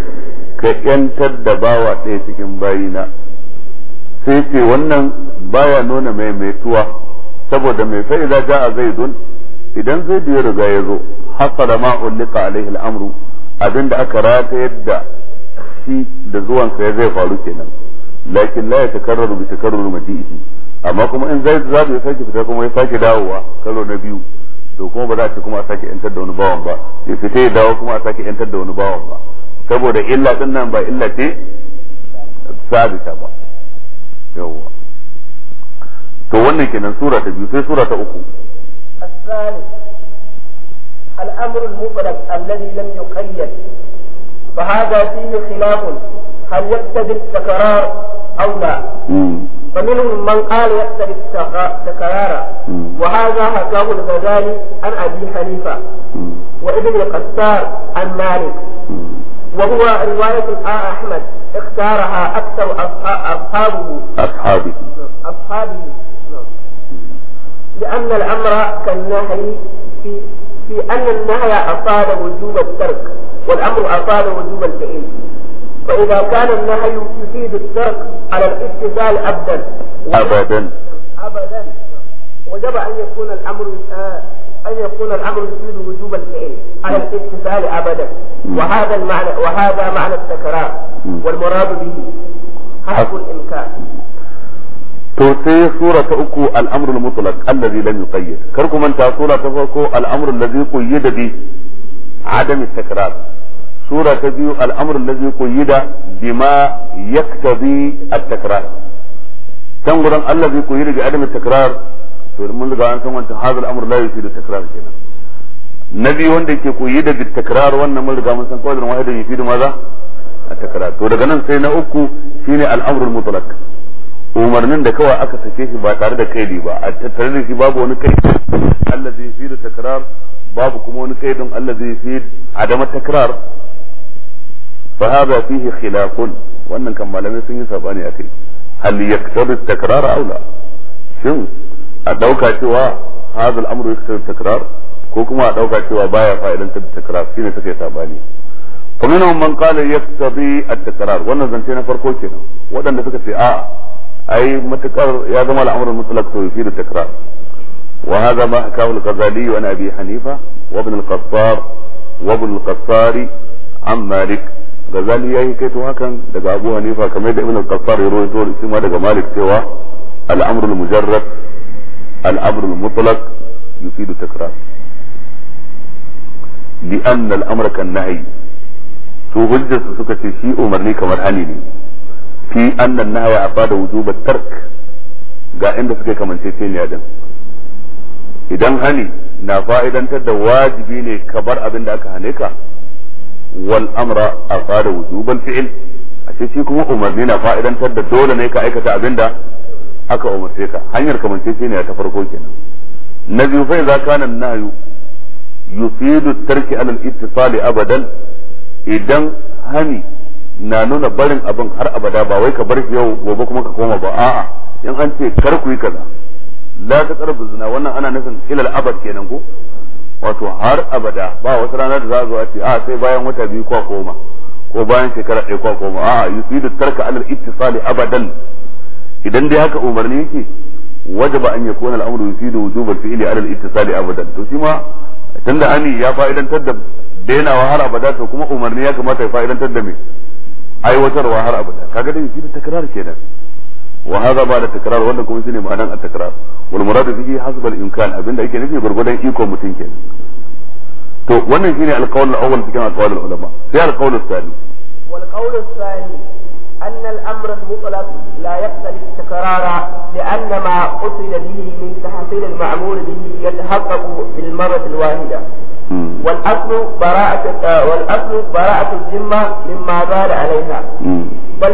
ka yantar da bawa ɗaya cikin bayina sai ce wannan baya nuna mai mai tuwa saboda mai fa'iza zai zaidun idan zai da ya riga ya zo hasala ma ulika alaihi al'amru abinda aka rata yadda shi da zuwan sa zai faru kenan lakin la yatakarraru bi takarrur madihi amma kuma in zai zabi ya sake fita kuma ya sake dawowa karo na biyu to kuma ba za a ce kuma a sake yantar da wani bawan ba ya fita ya dawo kuma a sake yantar da wani bawan ba saboda illa din nan ba illa ce sabita ba yawwa to wannan kenan sura ta biyu sai sura ta uku الأمر المفرد الذي لم يقيد فهذا فيه خلاف هل يقتضي التكرار أو لا؟ فمنهم من قال يختلف تكرارا وهذا حكاه الغزالي عن ابي حنيفه وابن القتار عن مالك وهو رواية أحمد اختارها أكثر أصحابه أصحابه أصحابه لأن الأمر كالنهي في في أن النهي أصاب وجوب الترك والأمر أصاب وجوب الفعل فإذا كان النهي يفيد الترك على الاتصال أبدا أبدا أبدا وجب أن يكون الأمر أن يكون الأمر يفيد وجوب الفعل على الاتصال أبدا وهذا المعنى وهذا معنى التكرار والمراد به حق الإنكار to sai sura ta uku al'amrul mutlaq allazi lam yuqayyad kar ku manta sura ta farko al'amrul ladzi qayyada bi takrar sura ta biyu al'amur lazi kuyida bima yaktabi at-takrar bi adam at-takrar to mun riga an san wancan hadal amr takrar na biyu wanda yake kuyida bi takrar wannan mun riga maza takrar to daga nan sai na uku shine umarnin da kawai aka sake shi ba tare da kaidi ba a tattare da shi babu wani kaidi Allah zai da takrar babu kuma wani kaidin Allah zai fi adam takrar fa hadha fihi khilafun wannan kan malamai sun yi sabani akai hal yaktabi takrar aw la shin a dauka cewa hadha al-amru yaktabi takrar ko kuma a dauka cewa baya fa'idantar da takrar shine suka yi sabani fa minhum man qala yaktabi at-takrar wannan zance na farko kenan waɗanda suka ce a'a ai matakar ya zama al-amru mutlaq to yafi da takrar وهذا ما حكاه الغزالي عن ابي حنيفه وابن القصار وابن القصار عن مالك gazali ya yi kaito hakan daga abu hanifa kamar da ibn al-qassar ya rawaito shi daga malik cewa al-amrul mujarrad al-amrul mutlaq yufidu takrar bi anna al-amra kan nahy suka ce shi umarni kamar hani ne fi anna an-nahya afada wujub at-tark ga inda suka kamance ce idan hani na fa'idantar da wajibi ne ka bar abin da aka hane ka wal a afada wujubal fi'l ashe shi kuma umarni na fa'idantar da dole ne ka aikata abinda aka umarce ka hanyar kamance shi ne ta farko kenan na biyu fa idza kana nahyu yufidu tarki ala al abadan idan hani na nuna barin abin har abada ba wai ka bar shi yau gobe kuma ka koma ba a'a in an ce kar ku yi kaza la ta zina wannan ana nufin ilal abad kenan ko wato har abada ba wata ranar da za a zo a ce a ah, sai bayan wata biyu kwa koma ko bayan shekara ɗaya kwa koma a yusidu tarka alal ittisali abadan idan dai haka umarni yake wajaba an yakuna al'amru yusidu wujubal fi'li alal ittisali abadan to shi ma tunda ani ya fa'idantar da dainawa har abada to kuma umarni ya kamata ya fa'idantar da me aiwatarwa har abada kaga dai yusidu takrar kenan وهذا بعد التكرار wanda kuma shine ma'anan at-takrar wal muradu bihi hasbal imkan abinda yake nufi gurgudan iko mutum kenan to wannan shine alqawl al-awwal cikin aqwal al-ulama sai alqawl al-thani wal qawl al-thani أن الأمر المطلق لا يقتضي التكرار لأن ما قصد به من تحصيل المعمول به يتحقق بالمرة الواحدة والأصل براءة والأصل براءة الذمة مما دار عليها بل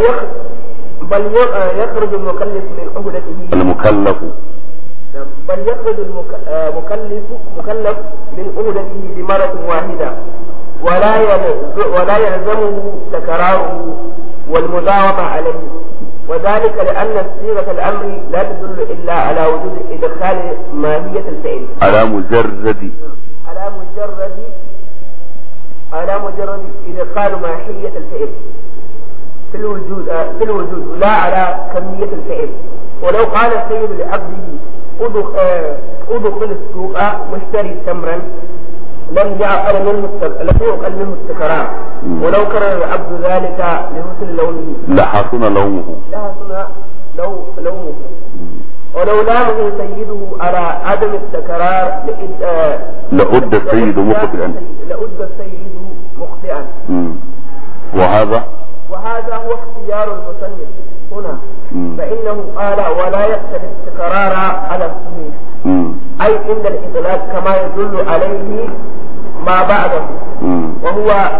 بل آه، يخرج المكلف من عهدته المكلف نعم، بل يخرج المكلف آه، مكلف من عهدته بمرة واحدة ولا ولا يلزمه تكراره والمداومة عليه وذلك لأن صيغة الأمر لا تدل إلا على وجود إدخال ماهية الفعل على مجرد نعم، على مجرد على مجرد إدخال ماهية الفعل في الوجود في آه، الوجود لا على كمية الفعل ولو قال السيد لعبده آه، ادخل السوق آه، واشتري تمرا لم يعقل منه لم يعقل منه السكران ولو كرر العبد ذلك لحسن لونه لحسن لومه لحسن لومه ولو لامه سيده على عدم التكرار لأد لأد السيد مخطئا لأد السيد مخطئا وهذا وهذا هو اختيار المصنف هنا فإنه قال ولا يختلف استقرار على الصحيح أي إن الإدلال كما يدل عليه ما بعده وهو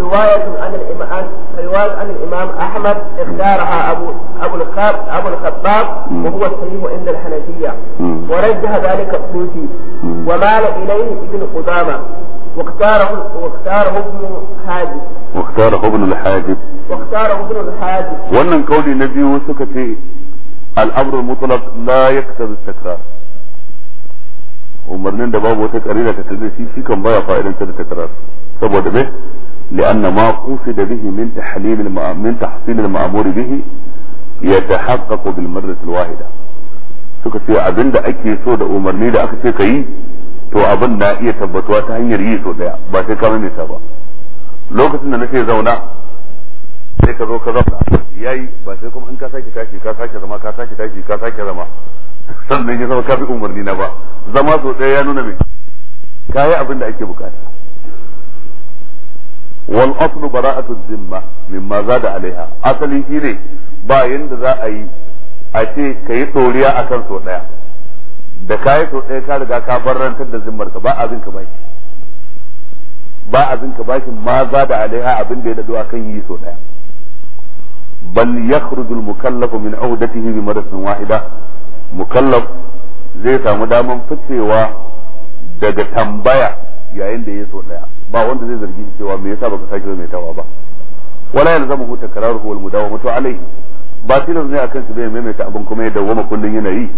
رواية عن الإمام رواية عن الإمام أحمد اختارها أبو أبو الخاب أبو الخباب وهو الصحيح عند الحنفية ورجح ذلك الطوسي ومال إليه ابن قدامة واختاره واختاره ابن حاجب واختاره ابن الحاجب واختاره ابن الحاجب wannan kauli na biyu suka ce al'amrul mutlaq la yaktabi takrar umarnin da babu wata karira ta tabbata shi shi kan baya fa'idan ta takrar saboda me لأن ما قصد به من تحليل الم... من تحصيل المأمور به يتحقق بالمرة الواحدة suka ce abin da ake so da umarni da aka ce ka yi to abin na iya tabbatuwa ta hanyar yi so daya ba sai ka mamita ba lokacin da nake zauna sai ka zo ka zauna yayi ba sai kuma in ka sake tashi ka sake zama ka sake tashi ka sake zama sannan ya zama ka fi umarni na ba zama so daya ya nuna mai ka yi abin da ake bukata wal aslu bara'atu zimma mimma zada alaiha asalin shine ba yanda za a yi a ce ka yi tsoriya akan so daya da kayi to ɗaya ka riga ka barrantar da zimmar ka ba abin ka baki ba abin ka baki ma za da alaiha abin da ya dadu akan yi so ɗaya bal yakhruju al min uhdatihi bi maratin wahida mukallaf zai samu daman ficewa daga tambaya yayin da ya so ɗaya ba wanda zai zargi shi cewa me yasa baka sake mai tawa ba wala huta takraruhu wal mudawamatu alayhi ba tilas ne akan su bai maimaita abin kuma ya dawwama kullun yana yi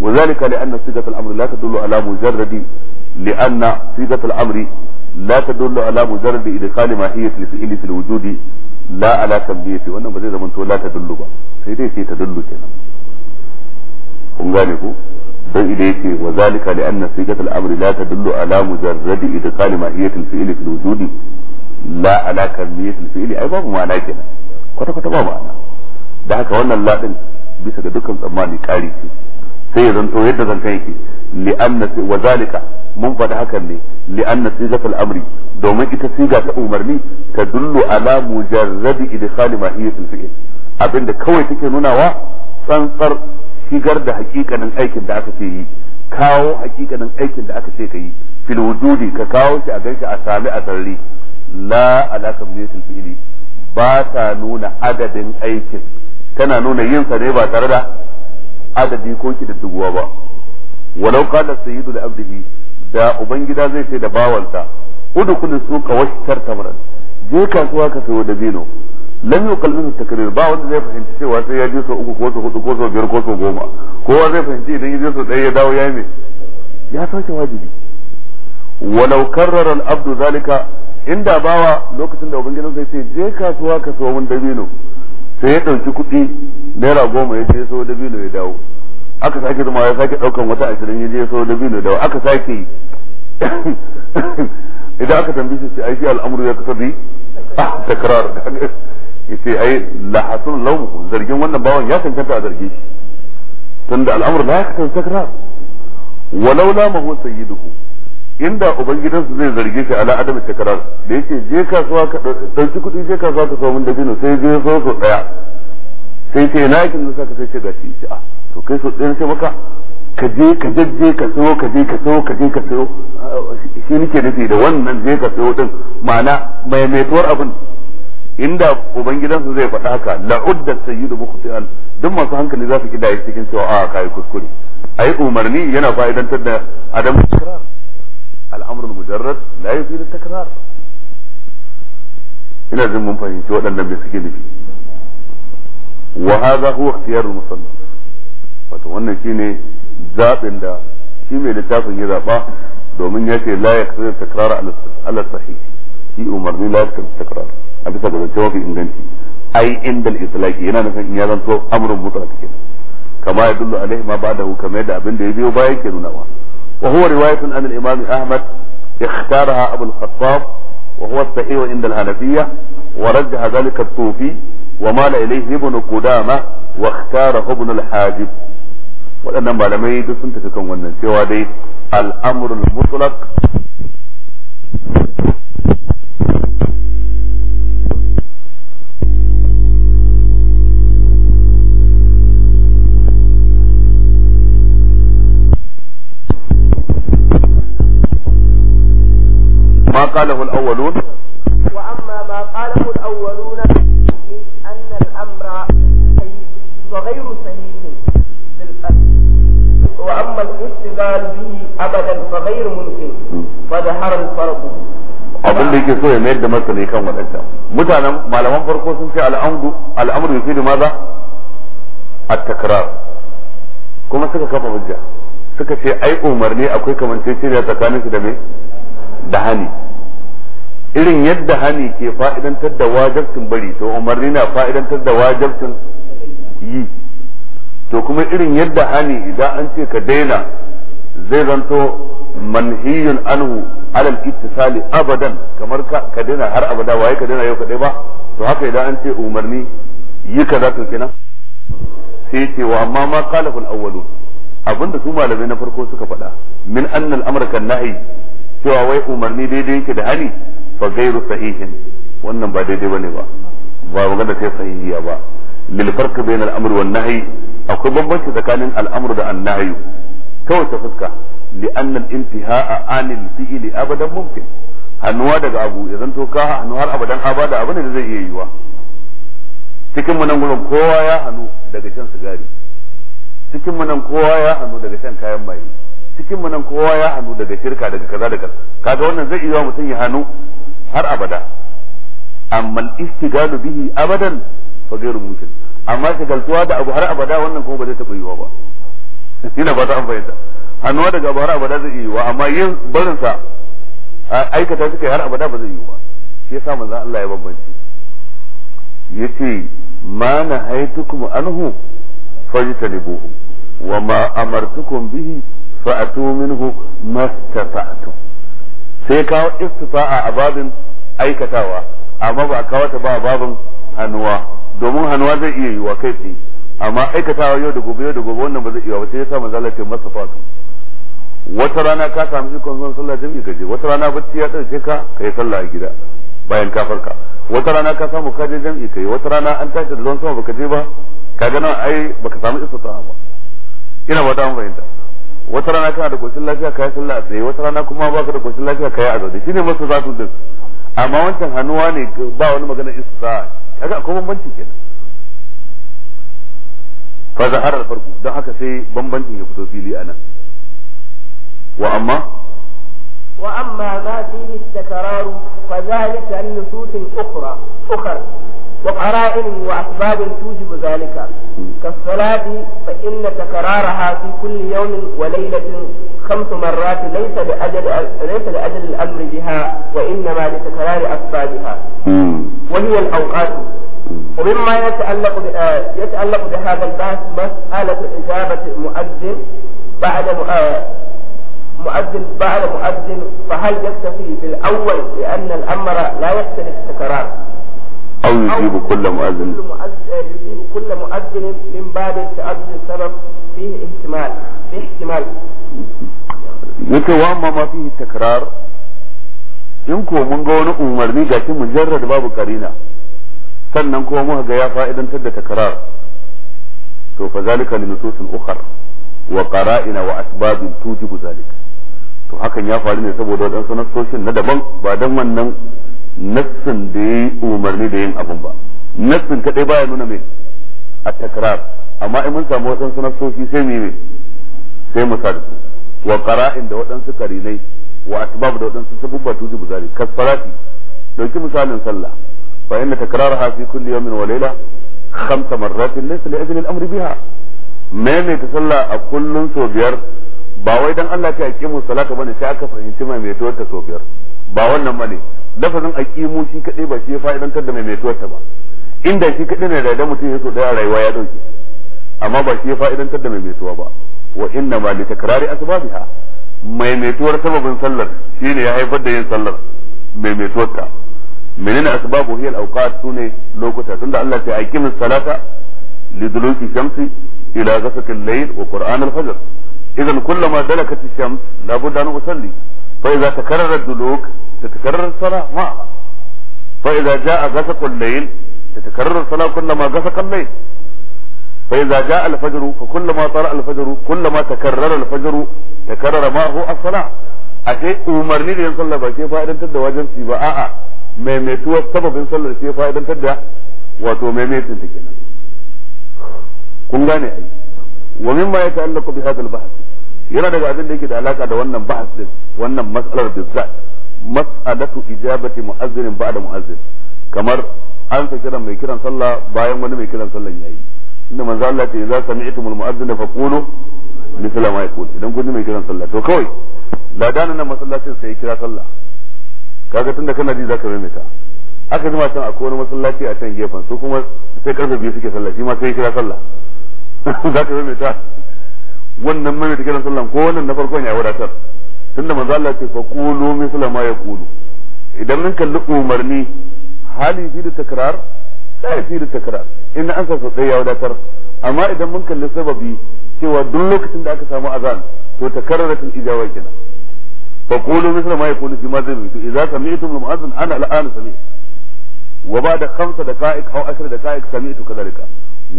وذلك لأن صيغة الأمر لا تدل على مجرد لأن صيغة الأمر لا تدل على مجرد إدخال ماهية الفعل في الوجود لا على تنبيته وأنا بدي زمن لا تدل با سيدي سي تدل كنا kun gane ku dan idan yake wa zalika li anna sigat al-amri la tadullu ala mujarrad idkhal mahiyat al-fi'l fi al-wujud la ala kamiyat al-fi'l ai babu ma'ana kenan kwata kwata ma'ana da haka wannan la bisa dukkan tsammani kari sai ya zanto yadda ki yake li'anna wa zalika mun faɗi hakan ne li'anna sigatul amri domin ita siga ta umarni ta dullu ala mujarradi idkhali mahiyatul fi'l abinda kawai take nunawa tsantsar shigar da hakikanin aikin da aka ce yi kawo hakikanin aikin da aka ce ka yi fil wujudi ka kawo shi a ganshi a sami a sarri la alaka miyatul fi'li ba ta nuna adadin aikin tana nuna yin sa ne ba tare da adadi ko duguwa ba walau qala sayyidu li abdihi da ubangida zai sai da bawansa udkhul suqa washtar tamran je kasuwa ka sayo dabino lam yuqal minhu takrir ba wanda zai fahimci cewa sai ya je so uku ko so hudu ko so biyar ko so goma kowa zai fahimci idan ya je so ɗaya ya dawo ya me ya sauke wajibi walau karrara al-abdu zalika inda bawa lokacin da ubangida zai ce je kasuwa ka sayo mun dabino sai ya ɗauki kuɗi naira goma ya je so dabino ya dawo aka sake zama ya sake ɗaukan wata ashirin ya je sau dabino ya dawo aka sake idan aka tambi shi ai shi al'amuru ya kasa bi ah, takrar ce ai la hasun lawm zargin wannan bawan ya cancanta a zarge shi tunda al'amuru na ya kasa takrar walau la mahu sayyiduhu inda ubangidansu zai zarge shi ala adam takrar da yake je kasuwa ka dauki kuɗi je kasuwa ka samu dabino sai je so so daya sai sai na yakin zaka sai ce gashi ce a ah, to kai so ɗayan sai maka ka je ka jajje ka so ka je ka so ka je ka so shi nake nufi da wannan je ka so din ma'ana mai metuwar abin inda ubangidansu zai faɗa haka la'udda sayyidu mukhti'an duk masu hankali za su kidaye cikin cewa ah, a kai kuskure ai umarni yana fa'idantar da adam takrar al'amr mujarrad la ina jin mun fahimci waɗannan bai suke nufi wa huwa ikhtiyar wato wannan shine da shi mai littafin ya zaba domin ya ce la ala shi umarni la a bisa ga inganci ai inda al-islaqi yana nufin in ya zanto amrun mutlaq kenan kama ya dullu alaihi ma da abin da ya biyo bayan ke nunawa وهو رواية عن الإمام أحمد اختارها أبو الخطاب وهو الصحيح عند الحنفية ورجح ذلك الطوفي ومال إليه ابن قدامة واختاره ابن الحاجب ولأن ما لم sun أنت kan wannan cewa ما قاله الأولون وأما ما قاله الأولون من أن الأمر وغير صحيح للقلب وأما الاشتغال به أبدا فغير ممكن فظهر الفرق abin da yake so ya mayar da martani kan waɗancan mutanen malaman farko sun ce al'amru al'amru da maza a takrar kuma suka kafa hujja suka ce ai umarni akwai kamanceceniya tsakanin su da da hani irin yadda hani ke fa'idantar da wajabcin bari to umarni na fa'idantar da wajabcin yi to kuma irin yadda hani idan an ce ka daina zai zanto manhiyun anhu alal ittisali abadan kamar ka daina har abada waye ka daina yau kadai ba to haka idan an ce umarni yi za to kenan sai ce wa amma ma qalaful awwalun abinda su malamai na farko suka faɗa min annal amra nahi cewa wai umarni daidai yake da hali fa gairu sahihin wannan ba daidai bane ba ba magana sai sahihiya ba lil farq bain al amr wan nahy akwai bambanci tsakanin al amr da an nahy ta wace fuska li anna al intihaa an al fi'li abadan mumkin hannuwa daga abu ya zanto ka hannu har abadan abada abin da zai iya yiwa cikin mu nan gurin kowa ya hannu daga shan sigari cikin mu nan kowa ya hannu daga shan kayan maye cikin mu nan kowa ya hannu daga shirka daga kaza daga kaga wannan zai iya mutum ya hannu har abada amma istigalu bihi abadan fa ghairu mumkin amma shigaltuwa da abu har abada wannan kuma ba zai taɓa yiwa ba ina ba ta an fahimta hannuwa daga abu har abada zai yiwa amma yin barin sa aikata suka har abada ba zai yiwu shi yasa manzon Allah ya bambance yace ma nahaitukum anhu fajtanibuhu wa ma amartukum bihi fa'atu minhu mastata'tum sai kawo istifa'a a babin aikatawa amma ba a kawo ta ba a babin hannuwa domin hannuwa zai iya yiwa kai tsaye amma aikatawa yau da gobe yau da gobe wannan ba zai iya ba sai ya sa manzo Allah ce mastata'tum wata rana ka samu ikon zuwa sallah jami'i ka je wata rana bacci ya dauke ka kai sallah a gida bayan ka farka wata rana ka samu ka je jami'i kai wata rana an tashi da zuwan sama baka je ba ka ga nan ai baka samu istita'a ba ina ba da mun fahimta wata rana kana da koshin lafiya kai sallah a tsaye wata rana kuma ba ka da koshin lafiya kai a zaune shine masu masa da din amma wancan hannuwa ne ba wani magana isa kaga akwai bambanci kenan fa zahara al farko, dan haka sai bambancin ya fito fili anan wa amma وأما ما فيه التكرار فذلك لنصوص أخرى أخر وقرائن وأسباب توجب ذلك كالصلاة فإن تكرارها في كل يوم وليلة خمس مرات ليس لأجل ليس لأجل الأمر بها وإنما لتكرار أسبابها وهي الأوقات ومما يتعلق آه، يتعلق بهذا البحث مسألة إجابة المؤذن بعد آه، مؤذن بعد مؤذن فهل يكتفي بالأول لأن الأمر لا يختلف التكرار أو يجيب كل مؤذن يجيب كل مؤذن من باب التأذن السبب فيه احتمال فيه احتمال yake wa amma ma fihi takrar in ko mun ga wani umarni ga shi mujarrad babu karina sannan kuma muka ga ya fa'idantar da takrar to fa zalika li nususin ukhar wa qara'ina wa asbabin tujibu zalika to hakan ya faru ne saboda wadansu nasoshin na daban ba dan wannan nassin da ya yi umarni da yin abin ba nassin kadai baya nuna mai a takrar amma in mun samu waɗansu nassoshi sai mu yi sai mu sadu wa qara'in da waɗansu karinai wa asbab da waɗansu sabubba tuji buzari kasfarati dauki misalin sallah fa inna hafi fi kulli yawmin wa layla khamsa marratin laysa li ajli al-amri biha ta sallah a kullun so biyar ba wai dan Allah ta yake mu salata bane sai aka fahimci mai mai ta so biyar ba wannan bane lafazin aqimu shi kadai ba shi ya fa'idantar da mai metuwar ta ba inda shi kadai ne da mutum ya so da rayuwa ya dauke amma ba shi ya fa'idantar da mai metuwa ba wa inna ma li takrari asbabiha mai metuwar sababin sallar shine ya haifar da yin sallar mai metuwar ta menene asbabu hiya al-awqat sune lokuta tunda Allah ya aqimi salata liduluki shamsi ila ghasaqi al-layl wa qur'an al-fajr idan kullama dalakat ash-shams labudda an usalli فإذا تكرر الدلوك تتكرر الصلاة معنا فإذا جاء غسق الليل تتكرر الصلاة كلما غسق الليل فإذا جاء الفجر فكلما طلع الفجر كلما تكرر الفجر تكرر معه الصلاة أشيء أمرني لأن صلى بشيء فائدة تدى واجب سيباء آه، ميميت هو السبب إن صلى بشيء فائدة تدى واتو ميميت انتكينا كنغاني أي ومما يتعلق بهذا البحث yana daga abin da yake da alaka da wannan ba'as din wannan mas'alar bizzat mas'alatu ijabati mu'azzinin ba'da mu'azzin kamar an sa kiran mai kiran sallah bayan wani mai kiran sallah yayi inda manzo Allah ce idza sami'tumul mu'azzina faqulu misla ma yaqul idan kun ji mai kiran sallah to kawai ladanin nan masallacin sai kira sallah kaga tunda kana ji zaka maimaita aka ji matan akwai wani masallaci a can gefen su kuma sai karfe biyu suke sallah shi ma sai kira sallah zaka maimaita wannan mai da kiran sallan ko wannan na farkon ya wadatar tunda manzo Allah ce fa qulu misla ma yaqulu idan mun kalli umarni hali fi da takrar sai fi da takrar in an sa sai ya wadatar amma idan mun kalli sababi cewa duk lokacin da aka samu azan to takarraratul ijawa kenan fa qulu misla ma yaqulu fi mazhab to idza sami'tum al-mu'adhdhin ana al-ana sami' wa ba'da khamsa daqa'iq aw 10 daqa'iq sami'tu kadhalika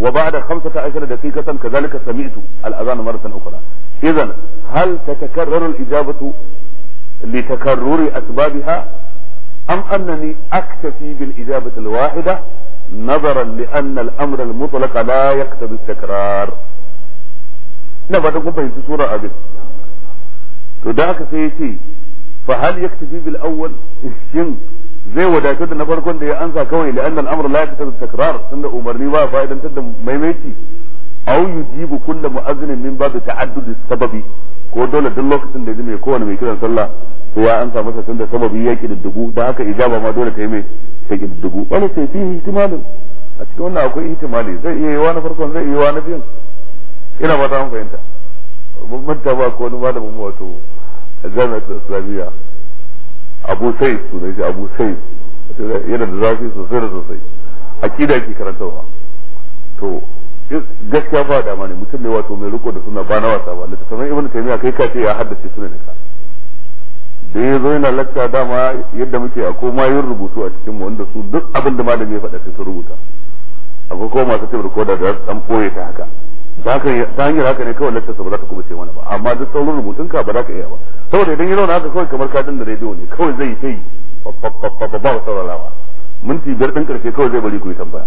وبعد خمسة عشر دقيقة كذلك سمعت الأذان مرة أخرى إذا هل تتكرر الإجابة لتكرر أسبابها أم أنني أكتفي بالإجابة الواحدة نظرا لأن الأمر المطلق لا يقتضي التكرار نبدأ فهمت سورة أبن تدعك سيتي فهل يكتفي بالأول الشنق zai wadatar da na farkon da ya ansa kawai da annal amr la yaktaru takrar tunda umarni ba fa'idan da maimaiti aw yujibu kullu mu'azzinin min babu ta'addud sababi ko dole duk lokacin da yaji mai kowane mai kiran sallah to ya ansa masa tunda sababi ya kididdigu da haka ijaba ma dole ta yi mai ta kididdigu wala sai fi ihtimalin a cikin wannan akwai ihtimali zai iya yiwa na farkon zai iya yiwa na biyun ina fata mun fahimta mun manta ba ko wani malamin wato jami'atul islamiyya abu sai su da abu sai yana da zafi sosai da sosai akida ke karantarwa to gaskiya ba dama ne mutum ne wato mai riko da suna ba na wasa ba littattafan ibnu taymiya kai ka ce ya haddace suna ne ka da ya zo yana lakta dama yadda muke a koma yin rubutu a cikin mu wanda su duk abin da malami ya faɗa sai su rubuta akwai kuma masu tebur koda da za su boye ta haka ta hanyar haka ne kawai lantarsa ba za ta kuma ce wani ba amma duk sauran ka ba za ka iya ba saboda idan ya zauna haka kawai kamar kadin da rediyo ne kawai zai ta yi ba ba saurarawa minti biyar ɗin ƙarfe kawai zai bari ku yi tambaya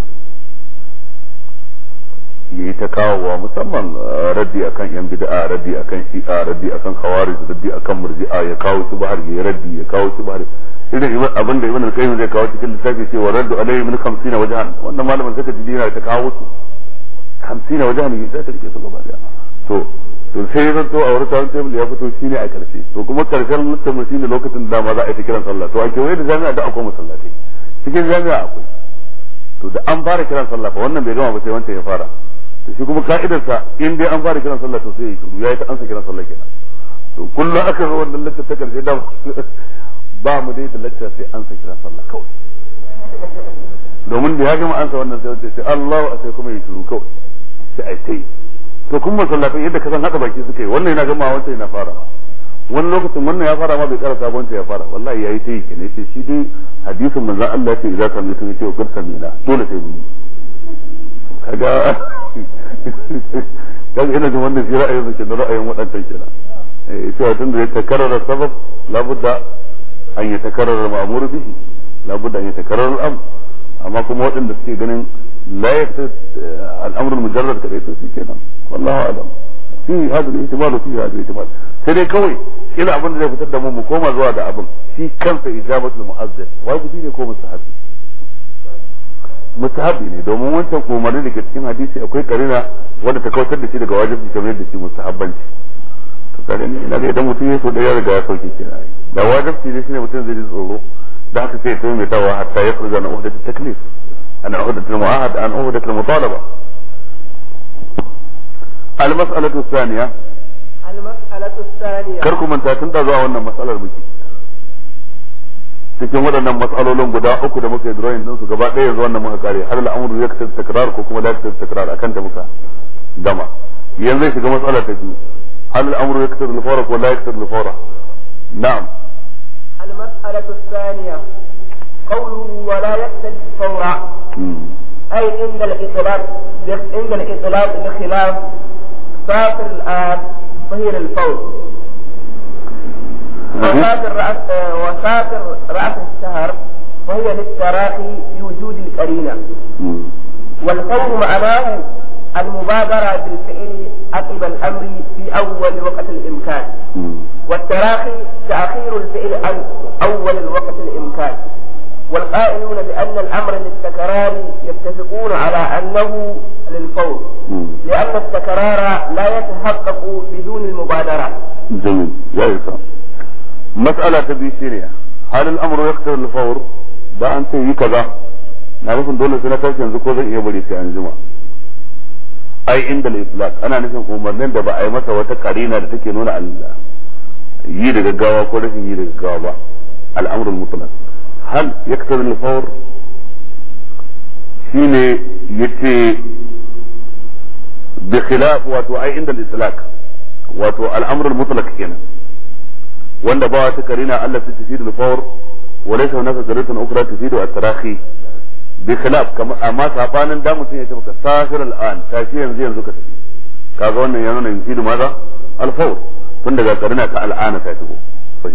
ya yi ta kawowa musamman ah, raddi akan yan bida'a raddi akan shi'a raddi akan khawarij raddi akan murji'a ya kawo su bahar ya raddi ya kawo su bahar irin abin da ibn al-qayyim zai kawo cikin littafi cewa raddu alayhi min 50 wajhan wannan malamin saka jidina ta kawo su hamsin wa jahannami sai ta rike su gaba daya to to sai ya to a wurin tawon tebul ya fito ne a karshe to kuma karshen littafin ne lokacin da ma za a yi ta kiran sallah to a kewaye da jami'a da akwai masallatai cikin jami'a akwai to da an fara kiran sallah fa wannan bai gama ba sai wancan ya fara to shi kuma ka'idarsa in dai an fara kiran sallah to sai ya yi shiru ya yi ta ansa kiran sallah kenan to kullum aka zo wannan lacca ta karshe da ba mu dai da lacca sai an kiran sallah kawai domin da ya gama an sa wannan sai sai Allahu sai kuma ya shiru kawai sai ai tai to kuma masallatai yadda ka san haka baki suka yi wannan yana gama wancan yana fara wani lokacin wannan ya fara ma bai karasa ba wancan ya fara wallahi yayi tai kene ce shi dai hadisin manzo Allah ya ce idza sami tun ce ukur samina dole sai mu kaga kaga ina jin wannan shi ra'ayin ke kenan ra'ayin waɗancan kenan eh, cewa tun da ya takarrara sabab labudda an ya takarrara ma'amur bihi labudda an ya takarrara al'am amma kuma waɗanda suke ganin لا يكتب الامر المجرد كده shi kenan wallahu alam fi hada al-ihtimal fi hada sai dai kawai ila abin da zai fitar da mu mu koma zuwa ga abin shi kansa ijabatul mu'azzin wajibi ne ko mustahabi mustahabi ne domin wancan umarni da ke cikin hadisi akwai karina wanda ta kautar da shi daga wajibi kamar yadda shi mustahabbanci to kare ni ina ga idan mutum ya so da ya riga ya sauke kira da ne shine mutum zai ji tsoro da haka sai ya tsaye mai tawa hatta ya furga na uhdatul taklif أن عهدة المعاهد أن عهدة المطالبة المسألة الثانية المسألة الثانية كركو من تاتن تزوى وانا مسألة المكي تكين وانا مسألة لهم قداء اكو دمك يدروين دنسو قباء لا يزوى وانا مهكاري هذا الأمر يكتب تكرار كوكما لا يكتب تكرار أكن تمكا دما ينزي شكو مسألة تكين هل الأمر يكتب لفورك ولا يكتب لفورك نعم المسألة الثانية قوله ولا يقتدي فورا أي عند الإطلاق عند الإطلاق بخلاف سافر الآن فهي الفور وسافر رأس وسافر رأس الشهر وهي للتراخي بوجود الكرينة والقول معناه المبادرة بالفعل عقب الأمر في أول وقت الإمكان والتراخي تأخير الفعل عن أول وقت الإمكان والقائلون بأن الأمر للتكرار يتفقون على أنه للفور لأن التكرار لا يتحقق بدون المبادرة جميل يا يسا مسألة تبي سيريا هل الأمر يقتضي الفور ده أنت يي كذا نعرف دولة سنة كاش ينزو كوزا إيه بري في أنجمة أي عند الإطلاق أنا نفهم أمرنين ده بأي مسا وتكارينا ده تكي نونا يي ده جاوا كورسي يي الأمر المطلق hal yaktar al-fawr shine yace bi khilaf wato ai inda al-itlaq wato al ta karina Allah ta tafi da da mutun ya ce maka sahir ka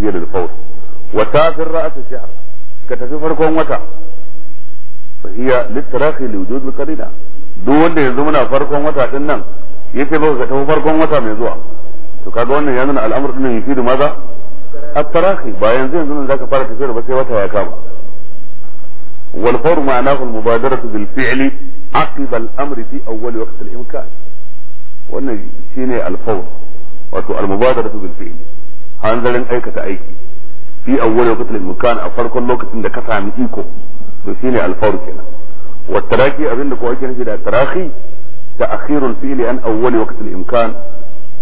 tafi kaga ka tafi farkon wata fa hiya litirahi li wujud duk wanda yanzu muna farkon wata din nan yace baka ka tafi farkon wata mai zuwa to kaga wannan ya nuna al'amur din yafi da maza at-tarahi ba yanzu yanzu nan zaka fara tafiyar ba sai wata ya kama wal fawr ma'anahu al-mubadaratu bil fi'li aqiba al-amr fi awwal waqt al-imkan wannan shine al-fawr wato al-mubadaratu bil fi'li hanzarin aikata aiki fi awwal waqtil imkan a farkon lokacin da ka sami iko to shine alfaru kenan wa taraki abinda ko ake nufi da taraki ta'khirul fi'li an awwal waqtil imkan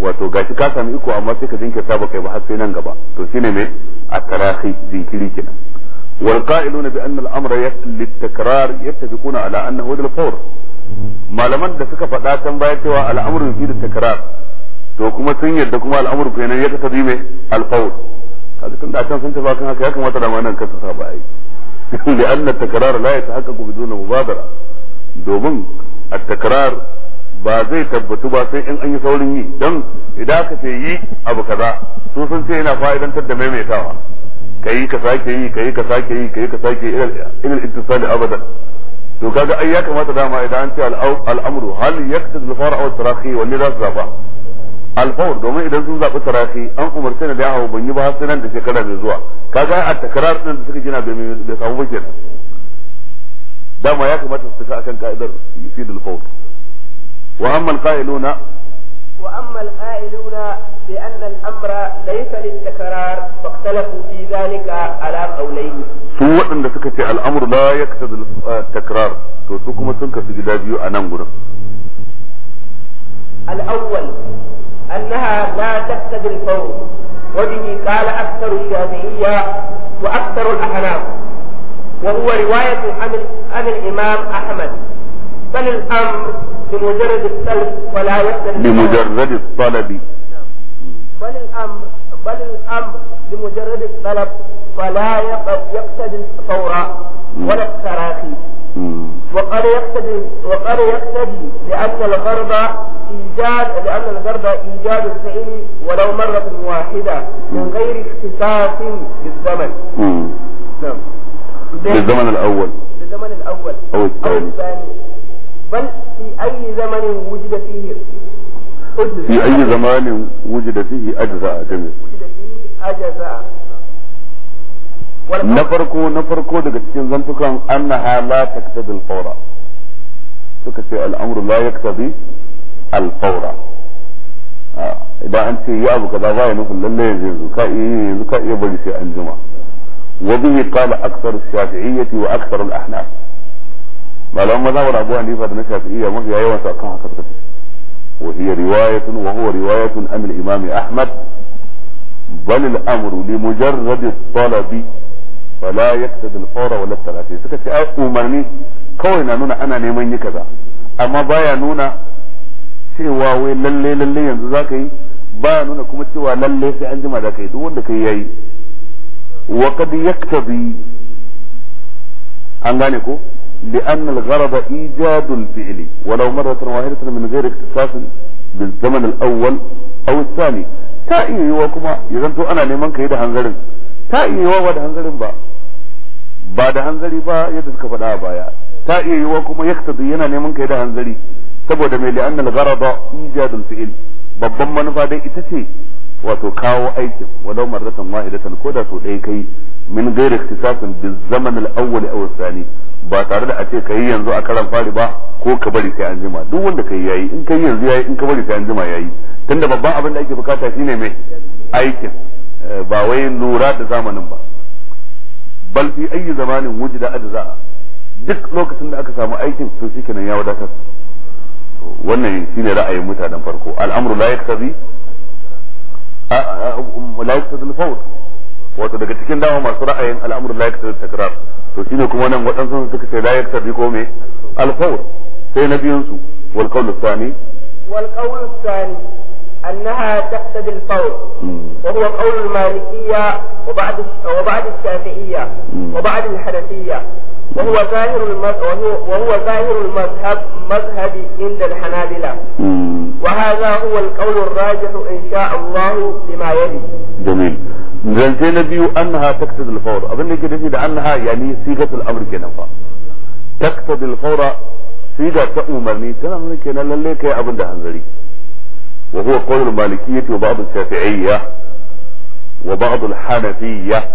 wato gashi ka sami iko amma sai ka jinkirta ba kai ba har sai nan gaba to shine me at-tarahi jinkiri kenan wal qa'iluna bi anna al-amra lit-takrar yattafiquna ala annahu al-fawr malaman da suka faɗa can baya cewa al-amru yufidu takrar to kuma sun yarda kuma al-amru kenan ya tadime al-fawr kaga tun da can sun tafi kan haka ya kamata da nan kasa sa ba ai li anna takrar la yatahaqqaqu biduna mubadara domin at-takrar ba zai tabbatu ba sai in an yi saurin yi dan idan aka ce yi abu kaza su sun ce yana fa'idantar da maimaitawa kayi ka sake yi kayi ka sake yi kayi ka sake yi ilal ittisali abadan to kaga ai ya kamata dama idan an ce al'amru hal yaqtad al-far'a wa tarahi wa ni zaba alfawar domin idan sun zaɓi tarafi an umarce ni da yawo ban yi ba sai nan da shekara mai zuwa kaga a takarar din da suka gina bai samu ba kenan dama ya kamata su tafi akan ka'idar yufidul fawt wa amma alqailuna wa amma alqailuna bi anna al-amra laysa lit-takrar faqtalafu fi dhalika ala qawlayn su waɗanda suka ce al'amru la yaqtadi takrar to su kuma sun ka kasu gida biyu a nan gurin al-awwal أنها لا تقتضي الفور وبه قال أكثر الشافعية وأكثر الأحناف وهو رواية عن الإمام أحمد بل الأمر بمجرد الطلب ولا يقتضي بمجرد الطلب بل الأمر بل الأمر بمجرد الطلب فلا يقتضي الفور ولا التراخي وقال يقتدي وقال يقتدي لأن الغرب إيجاد لأن الغرب إيجاد الفعل ولو مرة واحدة من غير اختصاص بالزمن. نعم. بالزمن الأول. بالزمن الأول. أو الثاني. بل في أي زمن وجد فيه أجزاء. في أي زمان وجد فيه أجزاء جميل. وجد فيه أجزاء. na farko na farko daga cikin zantukan annaha la taqtadi al-fawra suka ce al'amru la yaqtadi al-fawra idan an ce ya abu kaza ba ya nufin lalle yanzu yanzu ka iya yanzu ka iya bari sai an jima wa bihi qala akthar ash-shafi'iyyati wa akthar al-ahnaf malaman mazhabar abu hanifa da na shafi'iyya mafi yawan su akan haka suka ce وهي رواية وهو رواية عن الإمام أحمد بل الأمر لمجرد الطلب ولا يحتد الفور ولا الثلاثين سكت أمرني كوي نانونا أنا نيمان كذا أما بايا نونا سيوا وي للي للي ينزاكي بايا نونا كمتوا للي في عندما ذاكي دون لكي يأي وقد يكتبي أنغانيكو لأن الغرض إيجاد الفعل ولو مرة واحدة من غير اختصاص بالزمن الأول أو الثاني تا تأيي وكما يغنتو أنا نيمان كيدا هنغرن تأيي وواد هنغرن بقى ba da hanzari ba yadda suka faɗa a baya ta iya yiwa kuma yaktadi yana neman kai da hanzari saboda mai li'annal gharada ijadul fi'il babban manufa dai ita ce wato kawo aikin walau marratan wahidatan ko da so ɗaya kai min ghairi ikhtisasin bil zaman al awwal aw thani ba tare da a ce kai yanzu a karan fari ba ko ka bari sai an jima duk wanda kai yayi in kai yanzu yayi in ka bari sai an jima yayi tunda babban abin da ake bukata shine mai aikin eh, ba wai lura da zamanin ba bal fi ayi zamanin wujida ajza'a duk lokacin da aka samu aikin to shikenan ya wadatar wannan shine ra'ayin mutanen farko al'amru la yaktabi la yaktabi al-fawt wato daga cikin dama masu ra'ayin al'amru la yaktabi takrar to shine kuma nan waɗansu suka ce la yaktabi ko me al-fawt sai na biyan su wal qawl thani wal qawl thani أنها تقتضي الفور وهو قول المالكية وبعض وبعض الشافعية وبعض الحنفية وهو ظاهر وهو ظاهر المذهب مذهب عند الحنابلة وهذا هو القول الراجح إن شاء الله لما يلي جميل زين بيو أنها تقتضي الفور أظن أنك تجد أنها يعني صيغة الأمر كنفا تقتضي الفور صيغة تأمرني تنا منك أنا لليك يا أبن دهنزلي وهو قول a وبعض الشافعية وبعض الحنفية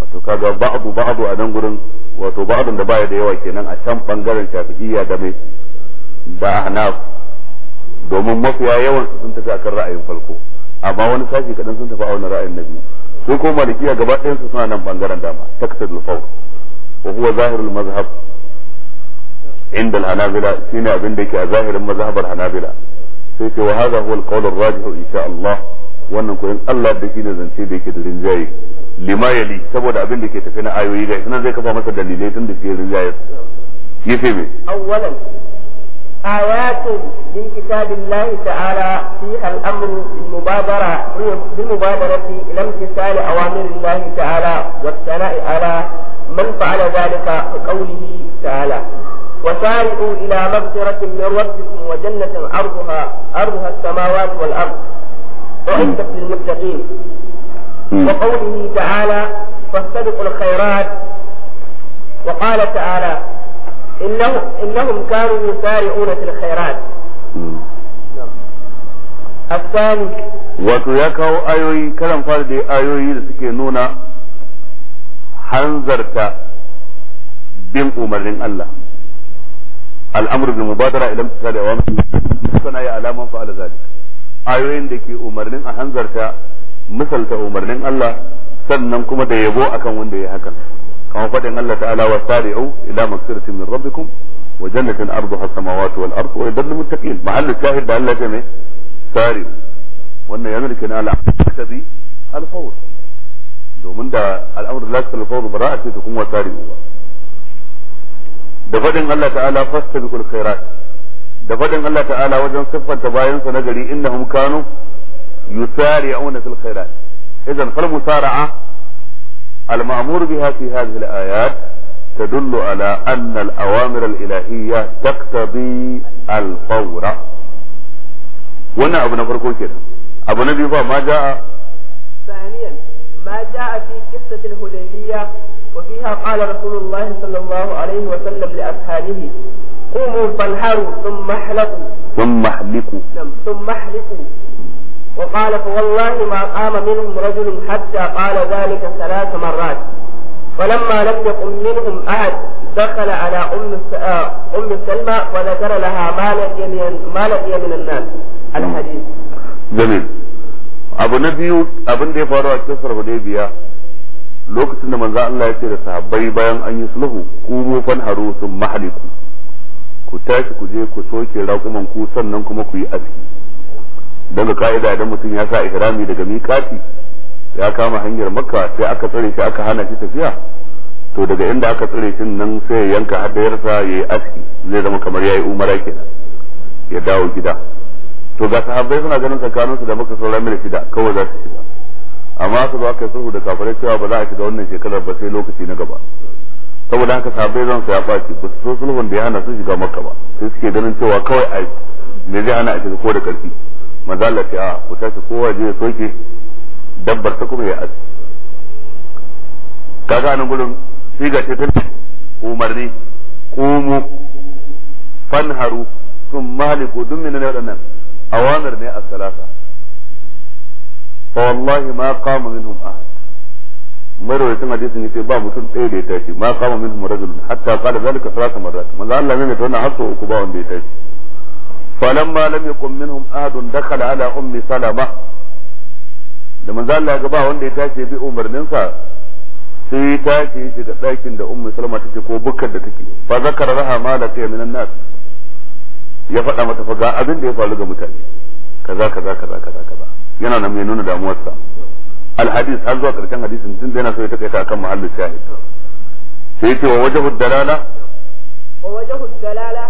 وتكاد بعض بعض أنقر وتبعض دبايا ديوا كنان أشام بانقر الشافعية دمي دا أحناف domin mafiya yawan sun tafi akan ra'ayin farko amma wani sashi kadan sun tafi a wani ra'ayin na biyu ko malikiya gaba ɗayan su suna nan bangaren dama taksadul fawr wa huwa zahirul mazhab inda hanabila shine abin da yake a zahirin mazhabar hanabila sai ce wa hadha huwa al rajih insha Allah wannan ko in Allah da shi ne zance da yake da rinjaye lima yali saboda abin da ke tafi na ayoyi ga zai kafa masa dalilai tun da shi rinjaye yace me awwalan آيات من كتاب الله تعالى فيها الأمر بالمبادرة بالمبادرة إلى امتثال أوامر الله تعالى والثناء على من فعل ذلك كقوله تعالى وسارعوا إلى مغفرة من ربكم وجنة عرضها عرضها السماوات والأرض أعدت للمتقين وقوله تعالى فاستبقوا الخيرات وقال تعالى إنه إنهم كانوا يسارعون في الخيرات الثاني wato ya kawo ayoyi karan fara da ayoyi da suke nuna hanzarta bin umarnin Allah al'amru bil mubadara ila imtisal awamir kana ya alaman fa ala zalik ayoyin da ke umarnin a hanzarta misalta umarnin Allah sannan kuma da yabo akan wanda ya hakan kama faɗin Allah ta'ala wa sari'u ila maghfiratin min rabbikum wa jannatin arduha samawati wal ardu wa yadallu muttaqin mahallu shahid da Allah ya ne sari'u wannan yana nuna al'amri al-fawr domin da al'amru la yasal al-fawr bara'atu kuma sari'u ba da fadin Allah ta'ala fasta bi kul khairat da fadin Allah ta'ala wajen siffanta bayansa na gari innahum kanu yusari'una fil khairat idan fal musara'a al ma'mur biha fi hadhihi al ayat tadullu ala al تدل على أن الأوامر الإلهية تقتضي الفور وانا أبو نفر كل كده أبو نبي ما جاء ثانيا ما جاء في قصة الهديبية وفيها قال رسول الله صلى الله عليه وسلم لأصحابه قوموا فانهروا ثم احلقوا ثم احلقوا ثم احلقوا وقال فوالله ما قام منهم رجل حتى قال ذلك ثلاث مرات فلما لم يقم منهم أحد دخل على أم أم سلمى وذكر لها ما لقي من ما لقي من الناس الحديث جميل abu na biyu abin da ya faru a kisar hudaybiya lokacin da manzo Allah ya ce da sahabbai bayan an yi sulhu qumu haro sun mahaliku ku tashi ku je ku soke raƙuman ku sannan kuma ku yi aski daga ka'ida idan mutum ya sa ihrami daga miƙati ya kama hanyar makka sai aka tsare shi aka hana shi tafiya to daga inda aka tsare shi nan sai ya yanka hadayarsa ya yi aski zai zama kamar ya yi umara kenan ya dawo gida to ga sahabbai suna ganin tsakaninsu da maka saura mil shida kawai za su shiga amma aka zo aka sulhu da kafirai cewa ba za a shiga wannan shekarar ba sai lokaci na gaba saboda haka sabai zan sa ya faci ba su so sulhun da ya hana su shiga makka ba sai suke ganin cewa kawai a me zai hana a shiga ko da karfi mazalla Allah ce a ku tashi kowa je ya soke dabbar ta kuma ya aji kaga nan gurin shi ga ce ta umarni kumu fanharu sun maliku dun min ne waɗannan awanar ne a salasa fa wallahi ma qama minhum ahad marwayin hadisin yace ba mutum ɗaya da ya tashi ma qama minhum rajulun hatta qala zalika salasa marrat manzo Allah ne to wannan har sau uku ba wanda ya tashi falamma lam yakun minhum ahadun dakhala ala ummi salama da manzo Allah ba wanda ya tashi bi umarnin sa sai ta ce ya shiga ɗakin da ummi salama take ko bukkar da take fa zakara raha ma la minan nas ya faɗa mata fa ga abin da ya faru ga mutane kaza kaza kaza kaza kaza yana nan mai nuna damuwarsa alhadis har zuwa karshen hadisin tun da yana so ya takaita akan mahallin shahid sai ce wa wajhu dalala wa wajhu dalala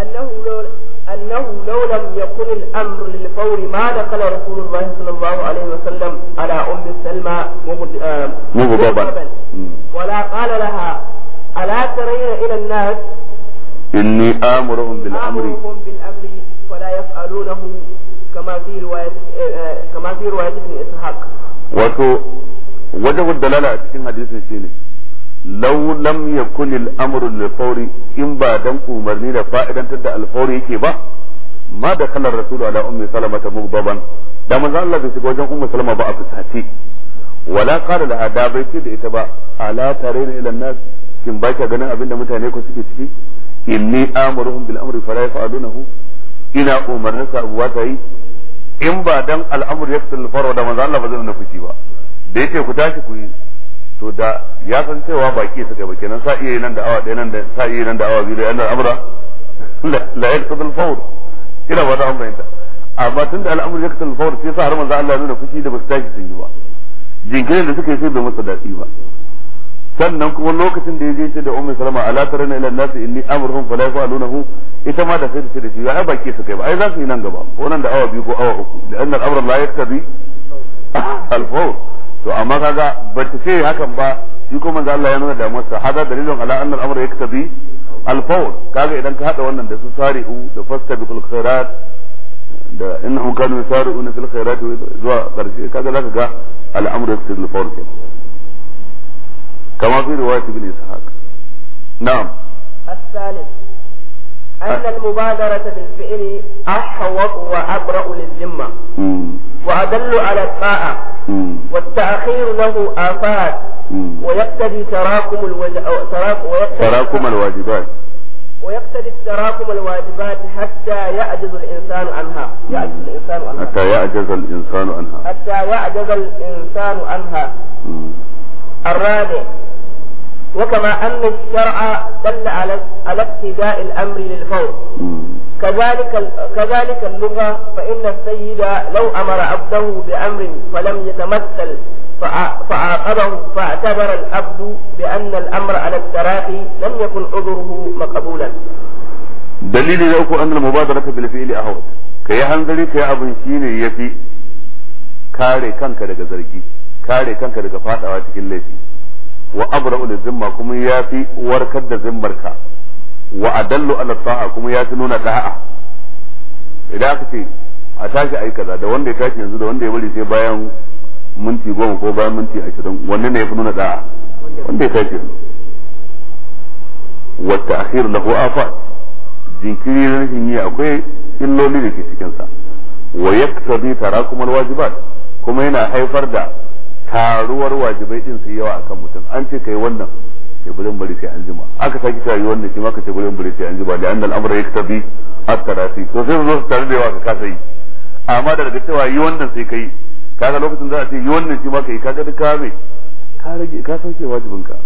annahu أنه لو لم يكن الأمر للفور ما دخل رسول الله صلى الله عليه وسلم على أم سلمى مغضبا ولا قال لها ألا ترين إلى الناس إني آمرهم بالأمر آمرهم بالأمر فلا يفعلونه kama fi riwayat kama fi riwayat ibn wajen dalala a cikin hadisin shine law lam yakun al-amru in ba dan umarni da fa'idantar da al-fawri yake ba ma da kallar rasulu ala ummi salama ta mugbaban da manzo Allah bai shiga wajen ummi salama ba a fusace wala qala laha da bai da ita ba ala tarayna ila nas kin ba ka ganin abinda mutane ku ciki inni amuruhum bil amri fala ina umarnin sa abu ta yi in ba dan al'amur yaktul farwa da manzo Allah ba zai nufi ba da yake ku tashi ku yi to da ya san cewa baki suka ba kenan sa iya nan da awa ɗaya nan da sa iya nan da awa biyu da yan al'amura la ya yaktul fawr ina ba ta amfani amma tunda al'amur yaktul fawr sai sa har manzo Allah ya nuna fushi da ba su tashi sun yi ba jinkirin da suka yi sai bai musu daɗi ba sannan kuma lokacin da ya je ce da ummu salama ala tarana ila nasi inni amruhum fala yafalunahu ita ma da sai ta ce da shi ya baki su kai ba ai za su yi nan gaba ko nan da awa biyu ko awa uku da annal amru la yaktabi al fawr to amma kaga ba ta ce hakan ba shi ko manzo Allah ya nuna da masa hada dalilun ala annal amru yaktabi al fawr kaga idan ka hada wannan da su sari'u da fasta bi kul khairat da innahum kanu yasari'una fil khairati zuwa karshe kaga zaka ga al amru yaktabi al fawr kenan كما في رواية ابن إسحاق نعم الثالث أن المبادرة بالفعل أحوط وأبرأ للذمة وأدل على الطاعة والتأخير له آفات ويقتضي تراكم الواجبات تراكم الواجبات ويقتضي تراكم الواجبات حتى يعجز الإنسان عنها يعجز الإنسان عنها حتى يعجز الإنسان عنها حتى يعجز الإنسان عنها الرابع وكما أن الشرع دل على على ابتداء الأمر للفور كذلك كذلك اللغة فإن السيد لو أمر عبده بأمر فلم يتمثل فعاقبه فاعتبر العبد بأن الأمر على التراخي لم يكن عذره مقبولا دليل لأكو أن المبادرة بالفعل أهوت كي هنزلي كي أبن شيني يفي كاري كان لك زرقي كاري كان لك فاتوا تكين wa abra'u li zimma kuma ya fi warkar da zimmarka wa adallu ala ta'a kuma ya fi nuna da'a idan aka ce a tashi ayi kaza da wanda ya tashi yanzu da wanda ya bari sai bayan minti goma ko bayan minti ashirin wanne ne ya fi nuna da'a wanda ya tashi yanzu wa ta'khir lahu afa jinkiri rashin yi akwai illoli da ke cikin sa wa yaktabi tarakumul wajibat kuma yana haifar da taruwar wajibai din su yawa akan mutum an ce kai wannan sai bari bari sai an jima aka saki tayi wannan shi ka ce bari bari sai an jima da annal amra yaktabi at-tarasi to sai zo su tare da yawa ka kasa yi amma da daga cewa yi wannan sai kai kaga lokacin za a ce yi wannan shi ma kai kaga duk ka me ka rage ka sauke wajibin ka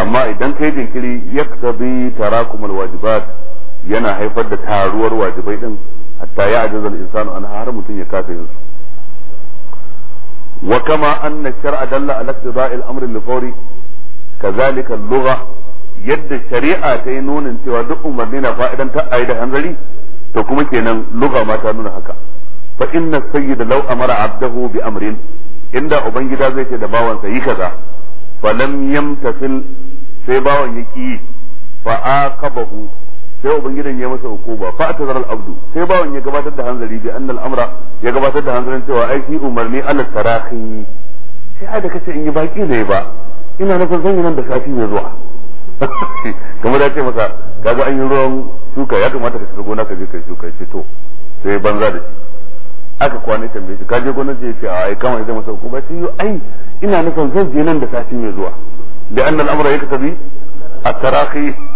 amma idan kai jinkiri yaktabi tarakumul wajibat yana haifar da taruwar wajibai din hatta ya ajazal insanu an har mutum ya kasa yin su وكما أن الشرع دل على اقتضاء الأمر الفوري كذلك اللغة يد الشريعة تينون انتوا دق مرنين فائدا تأيدا هنزلي تكما كينا لغة ما تانون هكا فإن السيد لو أمر عبده بأمر إن دا أبنجدا زيت دباوا سيكذا فلم يمتثل سيباوا يكيه فآقبه sai ubangidan ya masa ukuba fa ta al-abdu sai bawan ya gabatar da hanzari bi annal amra ya gabatar da hanzarin cewa ai shi umarni ala tarahi sai ai da kace in yi baki ne ba ina nufin zan yi nan da safi mai zuwa kamar da ce masa kaga an yi ruwan shuka ya kamata ka shiga gona ka je kai shuka ce to sai banza da shi aka kwana tambaye shi kaje gonar je ce ai kama zai masa hukuma sai yo ai ina nufin zan je nan da safi mai zuwa bi annal amra bi at-tarahi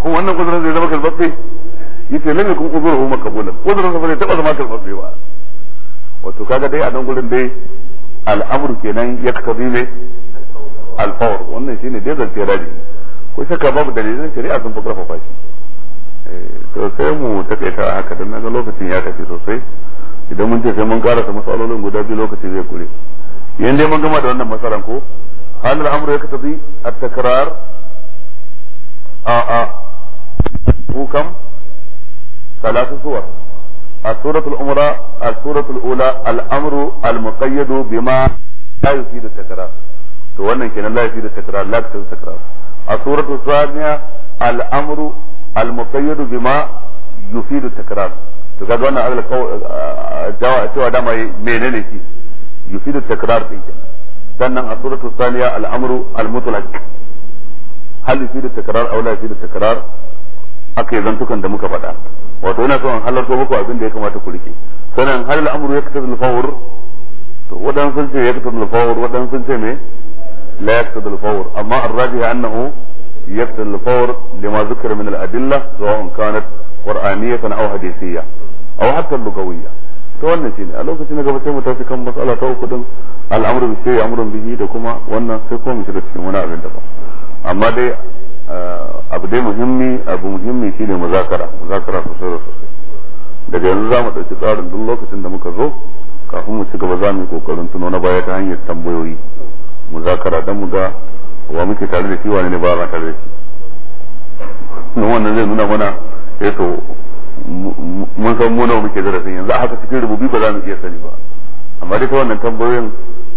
ko wannan uzurin zai zama karbabbe yace lam yakun uzuruhu maqbulan uzurin ba zai taba zama karbabbe ba wato kaga dai a nan gurin dai al'amru kenan yaktabi ne al-fawr wannan shine dai zance rabi ko shakka babu dalilan shari'a sun fi karfafa shi eh, to sai mu takaita haka dan naga lokacin ya tafi sosai idan mun ce sai mun karasa matsalolin guda biyu lokaci zai kure yan dai mun gama da wannan masaran ko hal al-amru yaktabi at-takrar a'a ku kam salatu suwar السورة الأمرة السورة الأولى الأمر المقيد بما لا يفيد التكرار to wannan kenan la da takrar la ta takrar a suratu thaniya al-amru al-muqayyad bima yufidu takrar to kaga wannan Allah jawa cewa dama menene shi yufidu takara din kenan sannan a suratu Saniya al'amru amru al-mutlaq hal fi da takrar aula fi da takrar akai zantukan da muka faɗa wato ina so halar to muku abin da ya kamata ku rike sanan hal al'amru yaktabu al-fawr to wadan sun ce yaktabu al-fawr wadan sun ce me la yaktabu al-fawr amma ar-rajih annahu yaktabu al-fawr lima dhukira min al-adilla sawa'un kanat qur'aniyatan aw hadithiyya aw hatta lugawiyya to wannan shine a lokacin da gaba mu ta fi kan matsala ta uku din al'amru bi shay'in amrun bihi da kuma wannan sai ko mu shiga cikin wani abin da ba amma dai eh, abu dai muhimmi abu muhimmi shine muzakara muzakara sosai da sosai daga yanzu za mu ɗauki tsarin duk lokacin da muka zo kafin mu ci gaba za mu yi kokarin tuno na baya ta hanyar tambayoyi muzakara don mu ga wa muke tare da shi wani ne ba za tare da shi don wannan zai nuna mana ya eh to mun san mu nawa muke darasin yanzu haka cikin rububi ba za mu iya sani ba amma dai ta wannan tambayoyin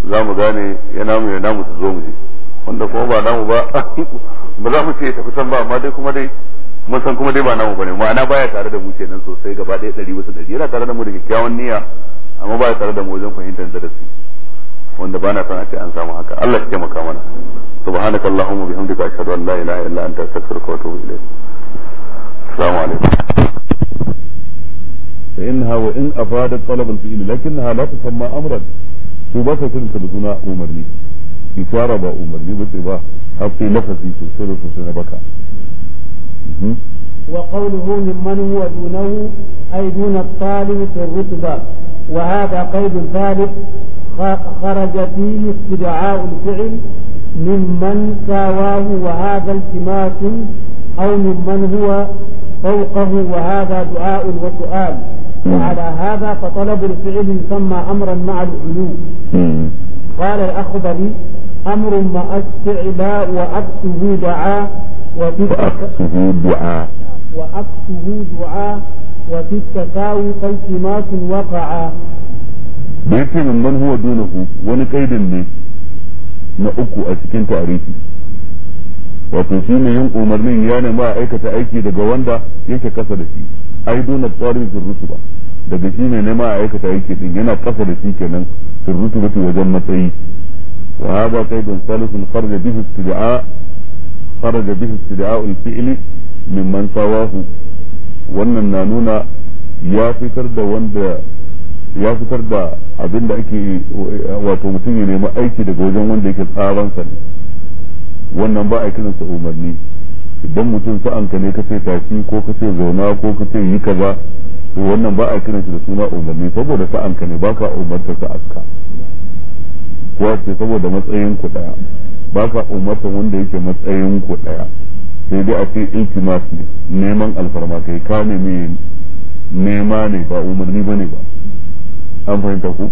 za mu gane ya mu ya mu su zo mu je wanda kuma ba namu ba ba za mu ce tafi san ba amma dai kuma dai mun san kuma dai ba namu bane ma'ana baya tare da mu kenan sosai gaba ɗaya ɗari wasu ɗari yana tare da mu da kyakkyawan niyya amma baya tare da mu wajen fahimtar darasi wanda bana san a ce an samu haka Allah ya taimaka mana subhanakallahumma bihamdika ashhadu an la ilaha illa anta astaghfiruka wa atubu ilayk السلام عليكم فإنها وإن أفادت طلب الفئل لكنها لا تسمى أمرا سباسة تلك بدون أمرني fara ba umarni ba ce ba har sai nafasi sosai da sosai na baka وقوله ممن هو دونه أي دون الطالب في الرتبة وهذا قيد ثالث خرج فيه استدعاء الفعل ممن ساواه وهذا التماس أو ممن هو فوقه وهذا دعاء وسؤال وعلى هذا فطلب الفعل يسمى امرا مع العلو قال الاخضري أمر واستعباء وأكسه دعاء وفي وأكسه دعاء وأكسه دعاء وفي التساوي التماس وقعا da yake min man huwa dunahu wani kaidin ne na uku a cikin tarihi wato shi ne yin umarnin ya nema a aikata aiki daga wanda yake kasa da shi ai dona tsarin rutuba daga shi ne nema a aikata aiki din yana kasa da shi kenan rutuba wajen matsayi وهذا قيد ثالث خرج به استدعاء خرج به استدعاء الفعل ممن سواه wannan na nuna ya fitar da wanda ya fitar da abin da ake wato mutum ya nemi aiki daga wajen wanda yake tsaransa ne wannan ba a kiransa umarni idan mutum sa'anka ne kace tashi ko kace zauna ko kace yi kaza to wannan ba a kiransa da suna umarni saboda sa'anka ne ba baka umarta sa'anka kuwa ce saboda matsayin ku daya ba ka umarta wanda yake matsayin ku daya sai dai a ce intimate ne neman alfarma kai ka nemi nema ne ba umarni ba ne ba an fahimta ku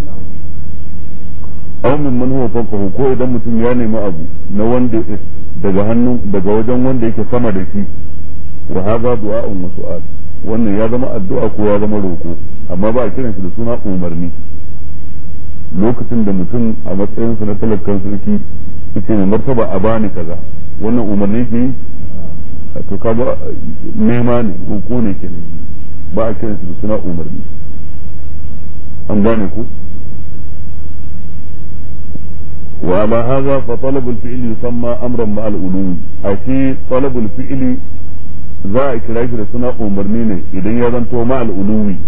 aw min man huwa ko idan mutum ya nemi abu na wanda daga hannun daga wajen wanda yake sama da shi wa hadha du'a'un wa su'al wannan ya zama addu'a ko ya zama roko amma ba a kiran shi da suna umarni lokacin da mutum a matsayinsa na talakkan sarki ita ne martaba a bani kaza wannan umarni ke to ka ba nema ne ko ne ke ba a kiran su suna umarni an gane ku wa ma hadha fa talab al fi'l yusamma amran ma al ulum ashi talab al fi'li za a kira shi da suna umarni ne idan ya zanto ma al ulumi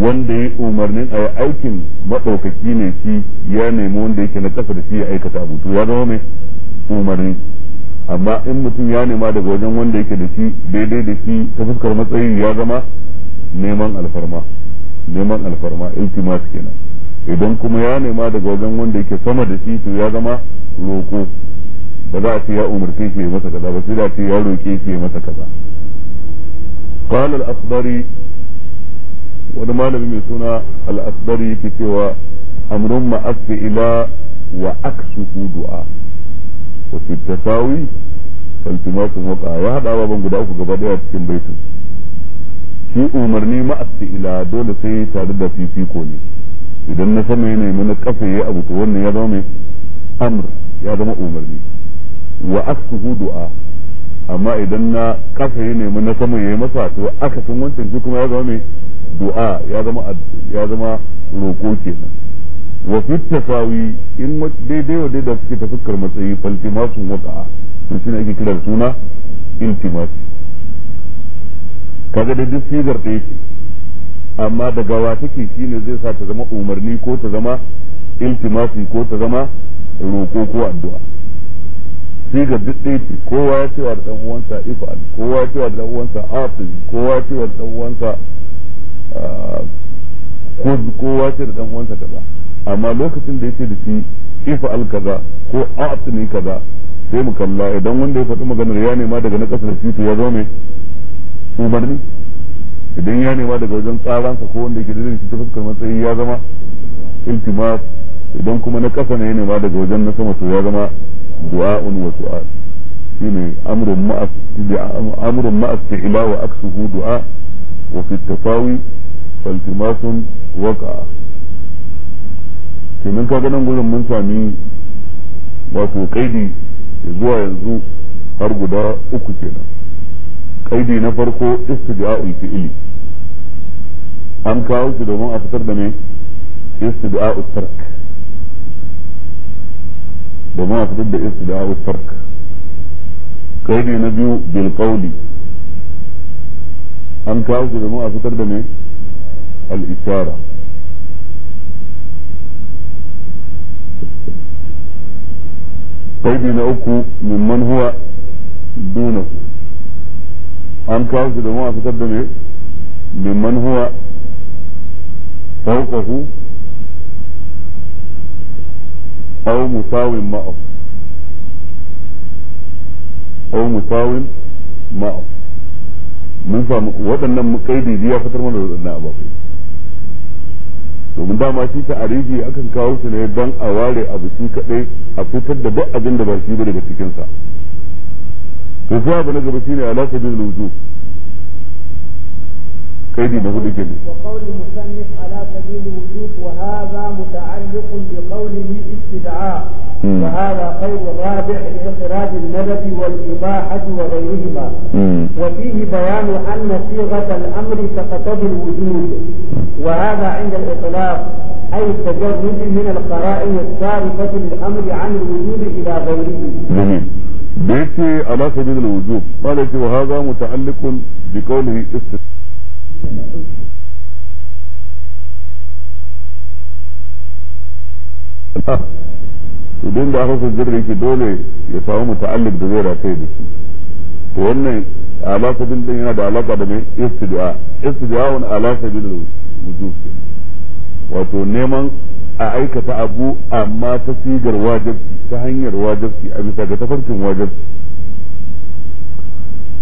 wanda ya umarnin a yi aikin maɗaukaki ne shi ya nemi wanda yake na kafa da shi ya aikata abu to ya zama mai umarni amma in mutum ya nema daga wajen wanda yake da shi daidai da shi ta fuskar matsayi ya zama neman alfarma neman alfarma iltimas kenan idan kuma ya nema daga wajen wanda yake sama da shi to ya zama roƙo ba za a ce ya umarce shi ya masa kaza ba sai da ce ya roƙe shi ya masa kaza قال الأخضري wani malami mai suna al'asbari yake cewa amrun ma'afi ila wa aksuhu du'a wa fi tasawi faltimakum waqa ya hada baban guda uku gaba daya cikin baitin shi umarni ma'afi ila dole sai tare da fifiko ne idan na sama yana yi mana kafa yayi abu to wannan ya zama mai amr ya zama umarni wa aksuhu du'a amma idan na kafa yayi ne na sama yayi masa to sun wancan shi kuma ya zama mai du'a ya zama ya zama roƙo kenan wa fi tafawi in daidai wa daidai suke ta fuskar matsayi faltimasu wada'a to shine ake kira suna iltimasi kaga da duk sigar ɗaya ce amma da gawa take shine zai sa ta zama umarni ko ta zama iltimasi ko ta zama roƙo ko addu'a sigar duk ɗaya ce kowa ya cewa da ɗan uwansa ifa'al kowa ya cewa da ɗan uwansa afin kowa ya cewa da ɗan uwansa ko kowa ce da dan uwansa kaza amma lokacin da yake da shi ifa al kaza ko a'tini kaza sai mu kalla idan wanda ya faɗi maganar ya nema daga na ƙasar shi to ya zo mai umarni idan ya nema daga wajen tsaransa ko wanda yake da shi ta fuskar matsayi ya zama iltimas idan kuma na ƙasa ne ya nema daga wajen na sama to ya zama du'a'un wa su'al ne amrun ma'as amrun ma'as ila wa aksuhu du'a wa fi tafawi faltimasun waka kenan ka ganin gurin mun sami wato kaidi zuwa yanzu har guda uku kenan kaidi na farko istida'ul fi'ili an kawo shi domin a fitar da ne istida'ul tark domin a fitar da istida'ul tark kaidi na biyu bil qawli an kawo shi domin a fitar da ne الإشارة قيد أكو ممن هو دونه an kawo shi domin a fitar da mai mimman huwa fauqahu aw musawin ma'ahu aw musawin ma'ahu mun samu waɗannan mukaidi ya fitar mana da waɗannan domin dama shi ta arifi akan kawo su ne don a ware abu shi kadai a fitar da duk abin da ba shi ba daga cikinsa to abu na gaba shine alaƙa bin lujo. كيدي بقول لك جلي وقول المصنف على سبيل الوجوب وهذا متعلق بقوله استدعاء وهذا قول رابع لانفراد المدد والاباحه وغيرهما وفيه بيان ان صيغه الامر تقتضي الوجود وهذا عند الاطلاق اي التجرد من القرائن السابقه للامر عن الوجود الى غيره. جميل. بيتي على سبيل الوجوب قالت وهذا متعلق بقوله استدعاء idan da aka hausa jirgin shi dole ya samu muta'allik da zai rataye da shi to wannan alaƙa din din yana da alaƙa da mai istidu'a istidu'a wani alaƙa din da wujub wato neman a aikata abu amma ta sigar wajabci ta hanyar wajabci a bisa ga tafarkin wajabci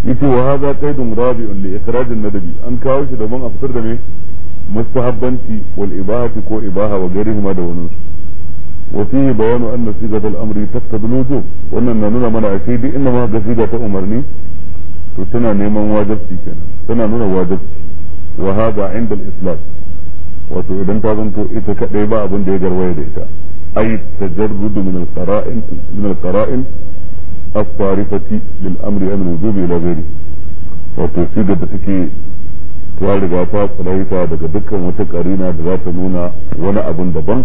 yace wa hadha qaidun rabi'un li ikhraj an-nadabi an kawo shi domin a fitar da me mustahabbanci wal ibahati ko ibaha wa garihima da wani wa fihi bayanu anna sigata al-amri taqtadi al-wujub wannan na nuna mana ashe duk inda ma ga siga ta umarni to tana neman wajibi kenan tana nuna wajibi wa hadha inda al-islam wato idan ta zanto ita kadai ba abin da ya garwaye da ita ay tajarrudu min al-qara'in min al-qara'in الصارفة للأمر عن الوجوب إلى غيره وتوفيق دتكي توالي غافا صلايفا دك دكا متك أرينا دغافا نونا ونا أبن دبان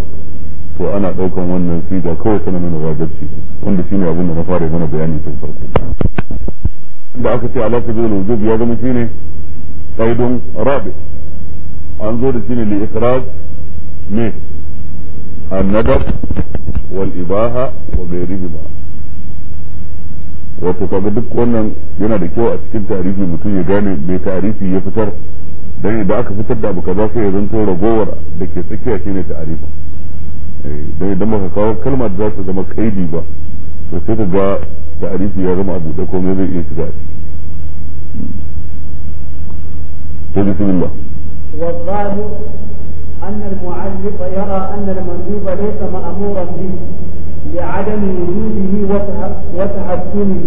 تو أنا أوكا وان كوي سنة من الواجب شيء وان دسيني أبن نفاري هنا بياني في الفرق عند تي على سبيل الوجوب يوغم فيني قيد طيب رابع أنظر سيني لإخراج مه الندب والإباحة وغيرهما wato kaga duk wannan yana da kyau a cikin tarihi mutum ya gane me tarihi ya fitar dan idan aka fitar da abu kaza sai ya zanto ragowar da ke tsakiya shine tarihi eh, dan idan muka kawo kalmar da za ta zama kaidi ba to sai ka ga tarihi ya zama abu da komai zai iya shiga to bismillah أن المعلق يرى أن المندوب ليس مأمورا به لعدم وجوده وتحسنه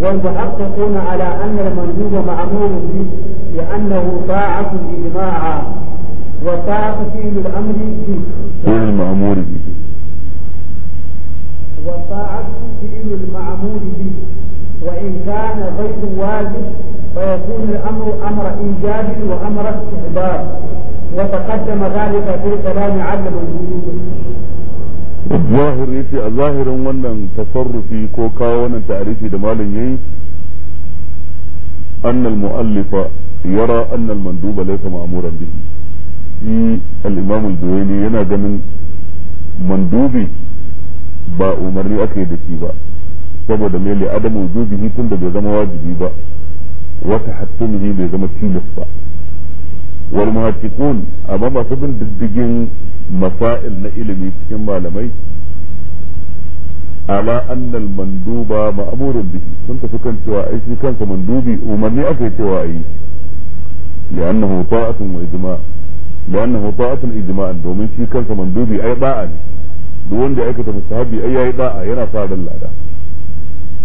والمحققون على أن المندوب مأمور به لأنه طاعة إجماعا وطاعة فعل الأمر به فعل المأمور به وطاعة فعل المعمول به وإن كان غير واجب فيكون الأمر أمر إيجاب وأمر استحباب وتقدم ذلك في كلام عدل الظاهر يتي الظاهر zahirin wannan tasarrufi ko kawo wannan ta'arifi da malam yayi أن المؤلف يرى أن المندوب ليس مأمورا به في الإمام الدويني هنا من مندوبي با أكي دكي با سبب دميل عدم وجوده تند بزم واجبي با وتحتمه بزم تيلف با والمهتقون أمام سبن بالدجين مسائل نئلمي كم مالمي على أن المندوب مأمور به كنت فكنت وعيش كنت مندوبي ومن أفيت وعيش لأنه طاعة وإجماع لأنه طاعة إجماع دومين شي كنت مندوبي أي باعا دون دي أيكة مستحبي أي أي باعا ينا صاد الله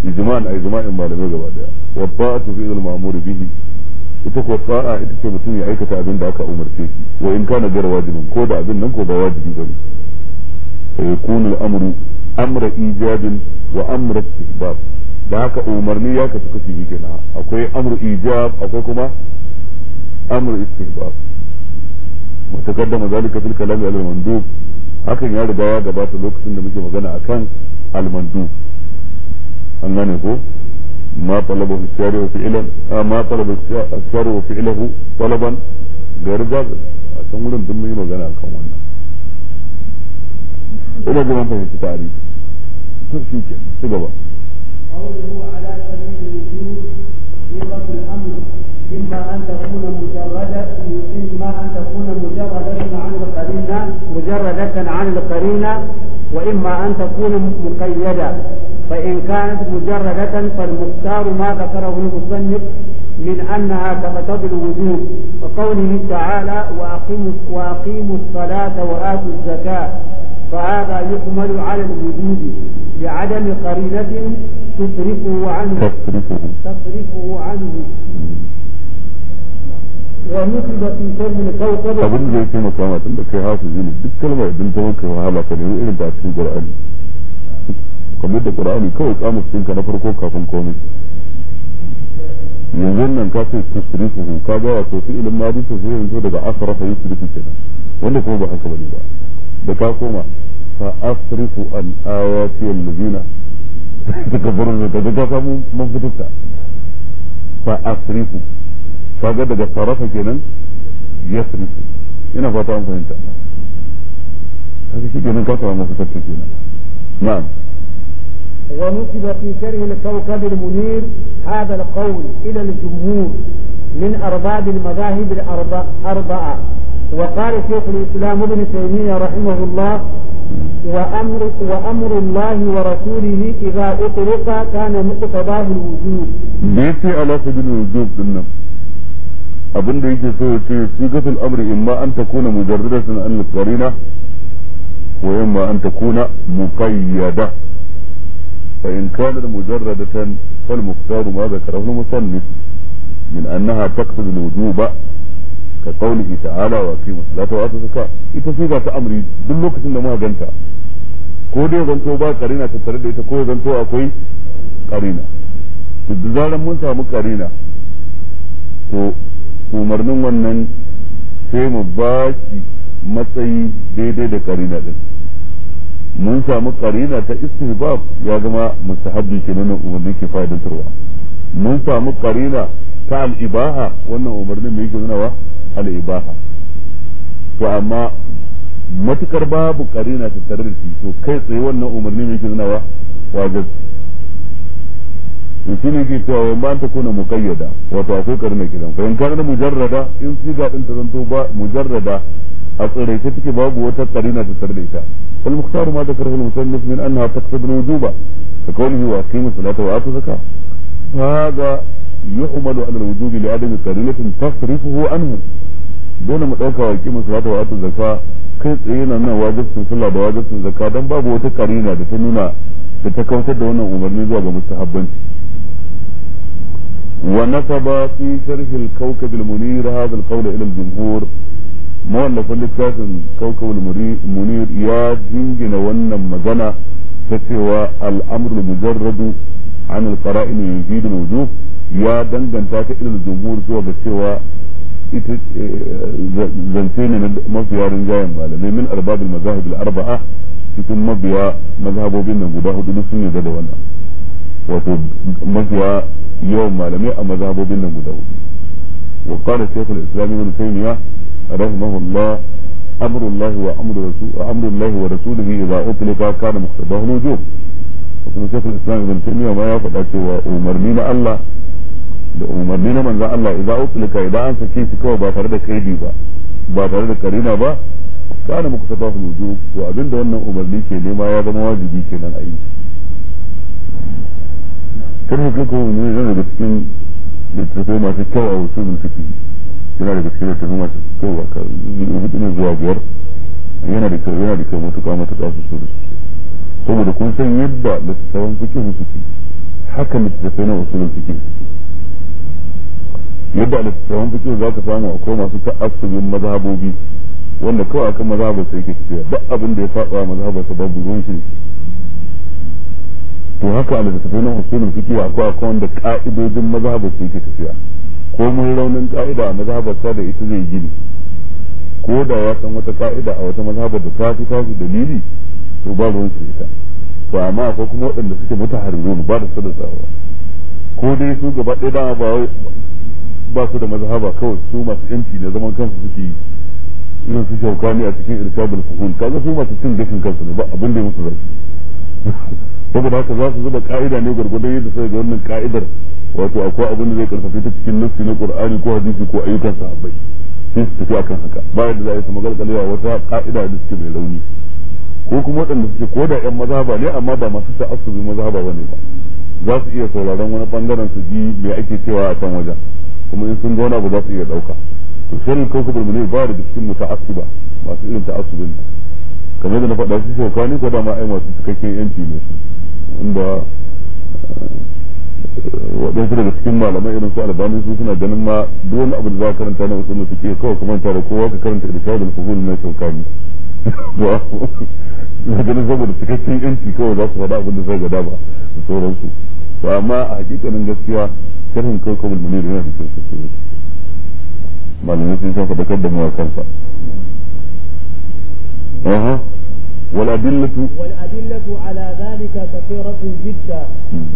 إجماع أي إجماع مالمي والطاعة في المأمور به ita ko tsara ita ce mutum ya aikata abin da aka umarce shi wa in kana gar wajibin ko da abin nan ko ba wajibi bane fa yakunu al-amru amra ijabin wa amra istihbab da haka umarni ya kasu kashi biyu kenan akwai amru ijab akwai kuma amru istihbab mutaqaddama zalika fil kalam al-mandub hakan ya riga ya gabata lokacin da muke magana akan al-mandub an gane ko ما طلبه الشارع فعلا آه، ما طلب الشارع فعله طلبا غير جاز عشان wurin duk mun yi magana kan wannan ina ga fahimci tare to shi ke ci gaba إما أن تكون مجردة إما أن تكون مجردة عن القرينة مجردة عن القرينة وإما أن تكون مقيدة فإن كانت مجردة فالمختار ما ذكره المصنف من أنها تقتضي الوجوب وقوله تعالى وأقيموا, وأقيم الصلاة وآتوا الزكاة فهذا يحمل على الوجود لعدم قرينة تصرفه عنه تصرفه عنه ونسب في شرح الكوكب abin da yake maka matan da kai hafizi ne duk kalmar idan ta maka wahala ka nemi irin ta cikin kamar da qur'ani kawai kamus ɗinka na farko kafin komai yanzu nan ka ce tusrifuhu ka ga wato fi madi to sai yanzu daga yusrifu kenan wanda kuma ba haka bane ba da ka koma fa asrifu an awati takabbaru da daga samu fa asrifu ga daga sarafa kenan ina fata an fahimta shi kenan ka samu kenan na'am ونسب في شره الكوكب المنير هذا القول إلى الجمهور من أرباب المذاهب الأربعة وقال شيخ الإسلام ابن تيمية رحمه الله وأمر, وأمر الله ورسوله إذا أطلق كان مقتضاه الوجود ليس على سبيل الوجود سنة abin da yake so ce su gafil amri in ma an takuna mujarradatan an qarina wa in an takuna فإن كانت مجردة فالمختار ما ذكره المصنف من أنها تقصد الوجوب كقوله تعالى وأقيم الصلاة وآتوا الزكاة إتصيبة أمري بلوكة ما جنتها كودي زنتو با تتردد تسرد إتكو زنتو أقوي قرينة تدزالا منسا مقرينة تو umarnin wannan sai mu ba shi matsayi daidai da karina din mun samu karina ta istihbab ya zama mustahabbi kenan nan umarni ke fa'idantarwa mun samu karina ta al-ibaha wannan umarnin mai yake nunawa al-ibaha to amma matukar babu karina ta tare da shi to kai tsaye wannan umarnin mai yake nunawa wajibi to ke cewa wa ta kuna muƙayyada wato akwai karna kidan fa in kana mujarrada in siga din ta zanto ba mujarrada a tsiraice take babu wata karina ta tarda ita wal muktar ma da karhul musannif min annaha taqtad al wujuba ka qawlihi wa aqimu salata wa atu zakat hada yuhmalu ala al wujubi li adami karinatin tasrifuhu anhu dole mu dauka wa aqimu salata wa atu zakat kai tsaye nan nan wajibcin sallah da wajibcin zaka dan babu wata karina da ta nuna da ta kautar da wannan umarni zuwa ga mustahabbanci ونصب في شرح الكوكب المنير هذا القول الى الجمهور مؤلف لكاس الكوكب المنير يا جنجن ون مجنى فسوى الامر المجرد عن القرائن يزيد الوجوب يا دندن تاتى الى الجمهور سوى فسوى زنتين مصدر رنجايم من ارباب المذاهب الاربعه في مبيا مذهب بين غباه بنصف يدد ونعم wato mafiya yawan malamai a mazhabobin nan guda hudu wa qala shaykhul islam ibn taymiyyah rahimahullah amru allah wa amru rasul amru allah wa rasuluhu idza utliqa kana muqtadahu nujum kuma shaykhul islam ibn taymiyyah ma ya faɗa cewa umarni na Allah da umarni na manzon Allah idza utliqa idan an sake shi kawai ba tare da kaidi ba ba tare da karina ba kana muqtadahu nujum to abinda wannan umarni ke nema ya zama wajibi kenan a yi sharhi fiqh ne yana da cikin da littattafai masu kyau a wasu mun fiqh yana da cikin littattafai masu kyau a ka hudu ne zuwa biyar yana da kyau yana da kyau matuƙa matuƙa su su saboda kun san yadda da littattafan fiqh suke haka da littattafai na usulul fiqh yadda da littattafan fiqh za ka samu akwai masu ta'assubin mazhabobi wanda kawai akan mazhabar sai ke tafiya duk abin da ya faɗa mazhabar sa babu ruwan shi to haka a littattafai na usulun wa akwai akwai wanda ka'idojin mazhabar su yake tafiya ko mun raunin ka'ida a mazhabar sa da ita zai gini ko da ya san wata ka'ida a wata mazhabar da ta fi tashi dalili to ba ruwan su ita to amma akwai kuma waɗanda suke harin ba da su da tsawa ko dai su gaba ɗaya dama ba ba su da mazhaba kawai su masu yanci da zaman kansu suke yi irin su shaukani a cikin irshadul fuhun kaga su masu cin gashin kansu ne ba abin da musu zai saboda haka za su zuba ka'ida ne gwargwadon yadda sai ga wannan ka'idar wato akwai abin da zai karfafi ta cikin nassi na qur'ani ko hadisi ko ayyukan sahabbai sai su tafi akan haka ba yadda za a yi su magalgalewa wata ka'ida da suke mai rauni ko kuma waɗanda suke ko da yan mazhaba ne amma ba masu ta'assubi mazhaba ba ne ba za su iya sauraron wani bangaren su ji me ake cewa a kan wajen kuma in sun gona ba za su iya ɗauka to shirin kawkubar mu ne ba da cikin mu ta'assuba masu irin ta'assubin kamar da na faɗa su shauka ne ko da ma ai masu cikakken yanci ne inda eh, waɗansu daga cikin malamai irin su albani su suna ganin ma duk wani abu da za ka karanta na usulun fiqh kawai kuma manta da kowa ka karanta irshadul fuhul na shaukani ba ganin saboda cikakken yanci kawai za su faɗa abin da zai gada ba da sauransu to amma a hakikanin gaskiya sharhin kai kuma munir yana da kyau sosai malamai sun san faɗakar da mu a kansa والأدلة والأدلة على ذلك كثيرة جدا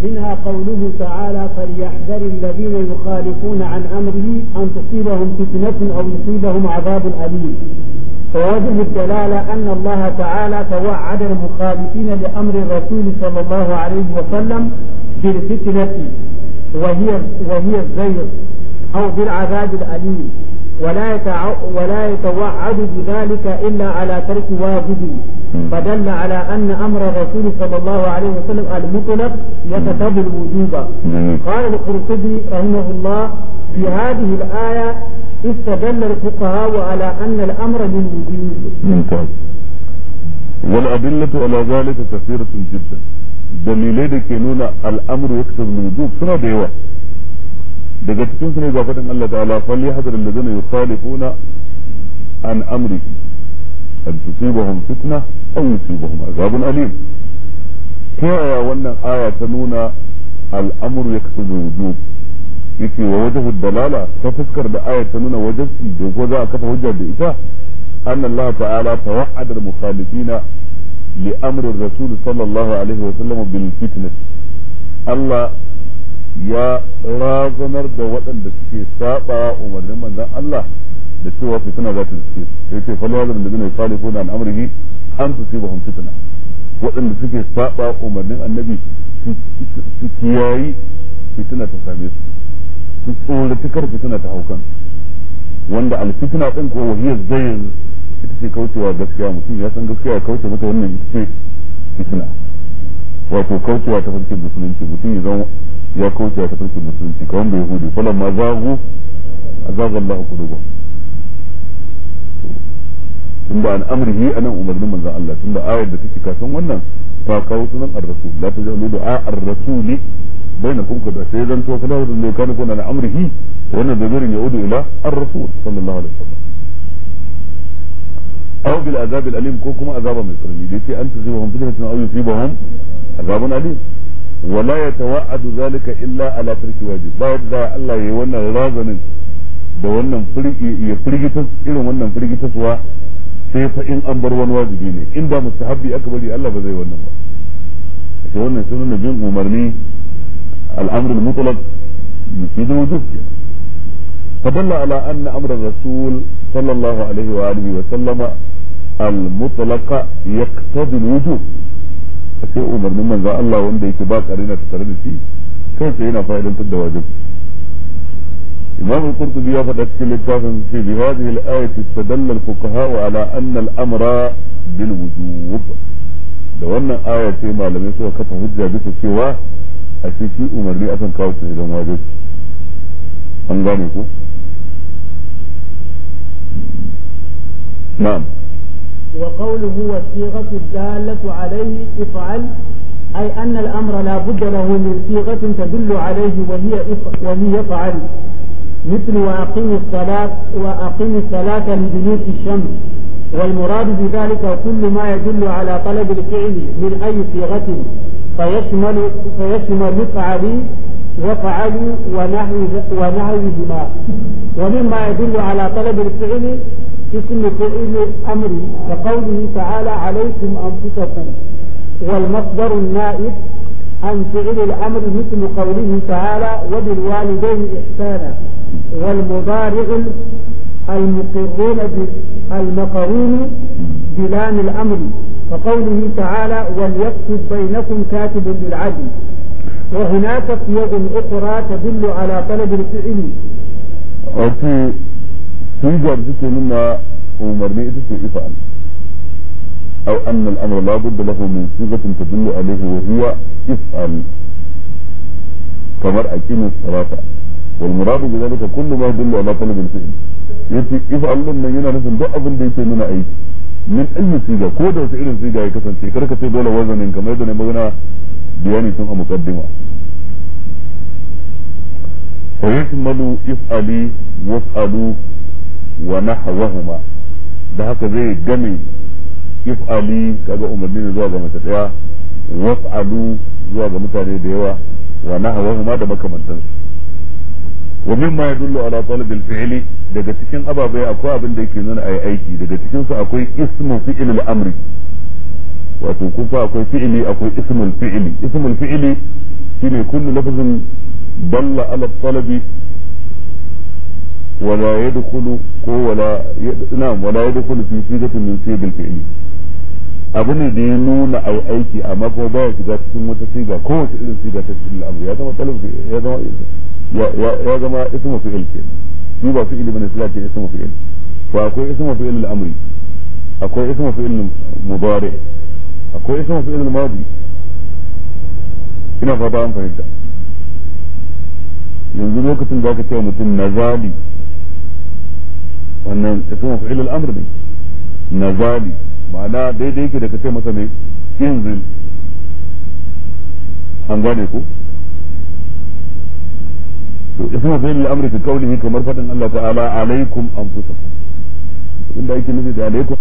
منها قوله تعالى فليحذر الذين يخالفون عن أمره أن تصيبهم فتنة أو يصيبهم عذاب أليم فوجه الدلالة أن الله تعالى توعد المخالفين لأمر الرسول صلى الله عليه وسلم بالفتنة وهي وهي الزيغ أو بالعذاب الأليم ولا ولا يتوعد بذلك إلا على ترك واجبه فدل على أن أمر الرسول صلى الله عليه وسلم المطلق يقتضي الوجوب قال القرطبي رحمه الله في هذه الآية استدل الفقهاء على أن الأمر للوجوب والأدلة على ذلك كثيرة جدا دليل da الأمر nuna al'amru yaktab wujub suna da yawa daga cikin su ne ga faɗin Allah ta'ala أن تصيبهم فتنة أو يصيبهم عذاب أليم كي وانا آية تنونا الأمر يكتب وجوب يكي ووجه الدلالة تفكر بآية تنونا وجه سيجوب وذا أكت وجه بإتا أن الله تعالى توحد المخالفين لأمر الرسول صلى الله عليه وسلم بالفتنة الله ya razanar da waɗanda suke saba umarnin manzon Allah da cewa fitina za ta suke sai ce fa lazim da zai fali ko an amrihi an tusibahum fitna waɗanda suke saba umarnin annabi su kiyayi fitina ta same su su tsorata kar fitina ta haukan wanda alfitina din ko wahiyar zayin ita ce kaucewa gaskiya mutum ya san gaskiya kauce mata wannan ita ce fitina wato kaucewa ta farkin musulunci mutum ya zama ya kauce ta farkin musulunci kawan bai hudu falon ma zagu azaga Allah qulubuhum tunda an a nan umarnin manzan Allah tun da ayar da take kafin wannan ta kawo sunan ar-rasul la tajalu du'a ar-rasul bainakum kada sai zan to kana da ne kana kuna amrihi wannan da zuri ne udu ila ar-rasul sallallahu alaihi wasallam aw bil azab al-alim ko kuma azaba mai tsanani dai sai an tuzibuhum fitnatun aw yusibahum azabun alim ولا يتوعد ذلك إلا على ترك واجب بعد ذا الله يوانا رازن da wannan ya firgitas irin wannan firgitaswa sai fa in an bar wani wajibi ne inda mustahabbi aka bari Allah ba zai wannan ba sai wannan sun nuna bin umarni al'amr al-mutlaq yufidu wujub فدل على أن أمر الرسول صلى الله عليه وآله وسلم المطلق يقتضي الوجوب a ce umarnin manzan Allah wanda yake ba karina ta tare da shi kansa yana fa'idantar da wajibi إمام القرطبي يفعل كل في بهذه الآية استدل الفقهاء على أن الأمر بالوجوب لو أن آية ما لم يسوى كفى هجة بس سوى أشي شيء أمر لي أفن كاوس إذا ما جد أنغانيكو نعم وقوله والصيغة الدالة عليه افعل أي أن الأمر لا بد له من صيغة تدل عليه وهي وهي افعل مثل وأقم الصلاة وأقم الصلاة لدلوك الشمس والمراد بذلك كل ما يدل على طلب الفعل من أي صيغة فيشمل فيشمل افعلي وفعلوا ونهي ونحوهما ومما يدل على طلب الفعل في كل فعل أمر كقوله تعالى عليكم أنفسكم والمصدر النائب عن فعل الأمر مثل قوله تعالى وبالوالدين إحسانا والمضارع المقرون المقرون بلام الأمر كقوله تعالى وليكتب بينكم كاتب بالعدل وهناك قيود أخرى تدل على طلب الفعل وفي في جواب مما أمرني إذا افعل أو أن الأمر لا بد له من صيغة تدل عليه وهو افعل كمرأة أكيد الصلاة والمراد بذلك كل ما يدل على طلب الفعل يأتي افعل لما ينال في الضعف اللي من أي من أي صيغة كودة فعل صيغة يكسن في كركة دولة وزن كما يدل مغنى بياني سنة مقدمة فيكمل افعلي وافعلوا wa nahwahuma da haka zai game if'ali kaga umarni zuwa ga mace daya waf'alu zuwa ga mutane da yawa wa nahwahuma da makamantansu wa mimma yadullu ala talab al daga cikin ababai akwai abin da yake nuna yi aiki daga cikin su akwai ismu fi'l al-amri wato kusa akwai akwai ismul fi'li ismul fi'li shine kullu lafzin dalla ala talabi ولا يدخل ولا نعم ولا يدخل في صيغة من صيغ الفعل abin da ya nuna ai aiki amma kuma baya shiga cikin wata siga kowace irin siga ta cikin al'amari ya zama talab ya zama ya zama ismu fi'il ke shi ba fi'il bane sai ce akwai ismu fi'il al'amri akwai ismu fi'il mudari akwai ismu fi'il madi ina fata an fahimta yanzu lokacin da aka ce mutum nazali wannan ismu maf'il al-amr ne nazali ma'ana daidai yake da kace masa ne inzil an gane ku to ismu maf'il al-amr ka kaulihi kamar fadin Allah ta'ala alaikum anfusakum inda yake nufi da alaikum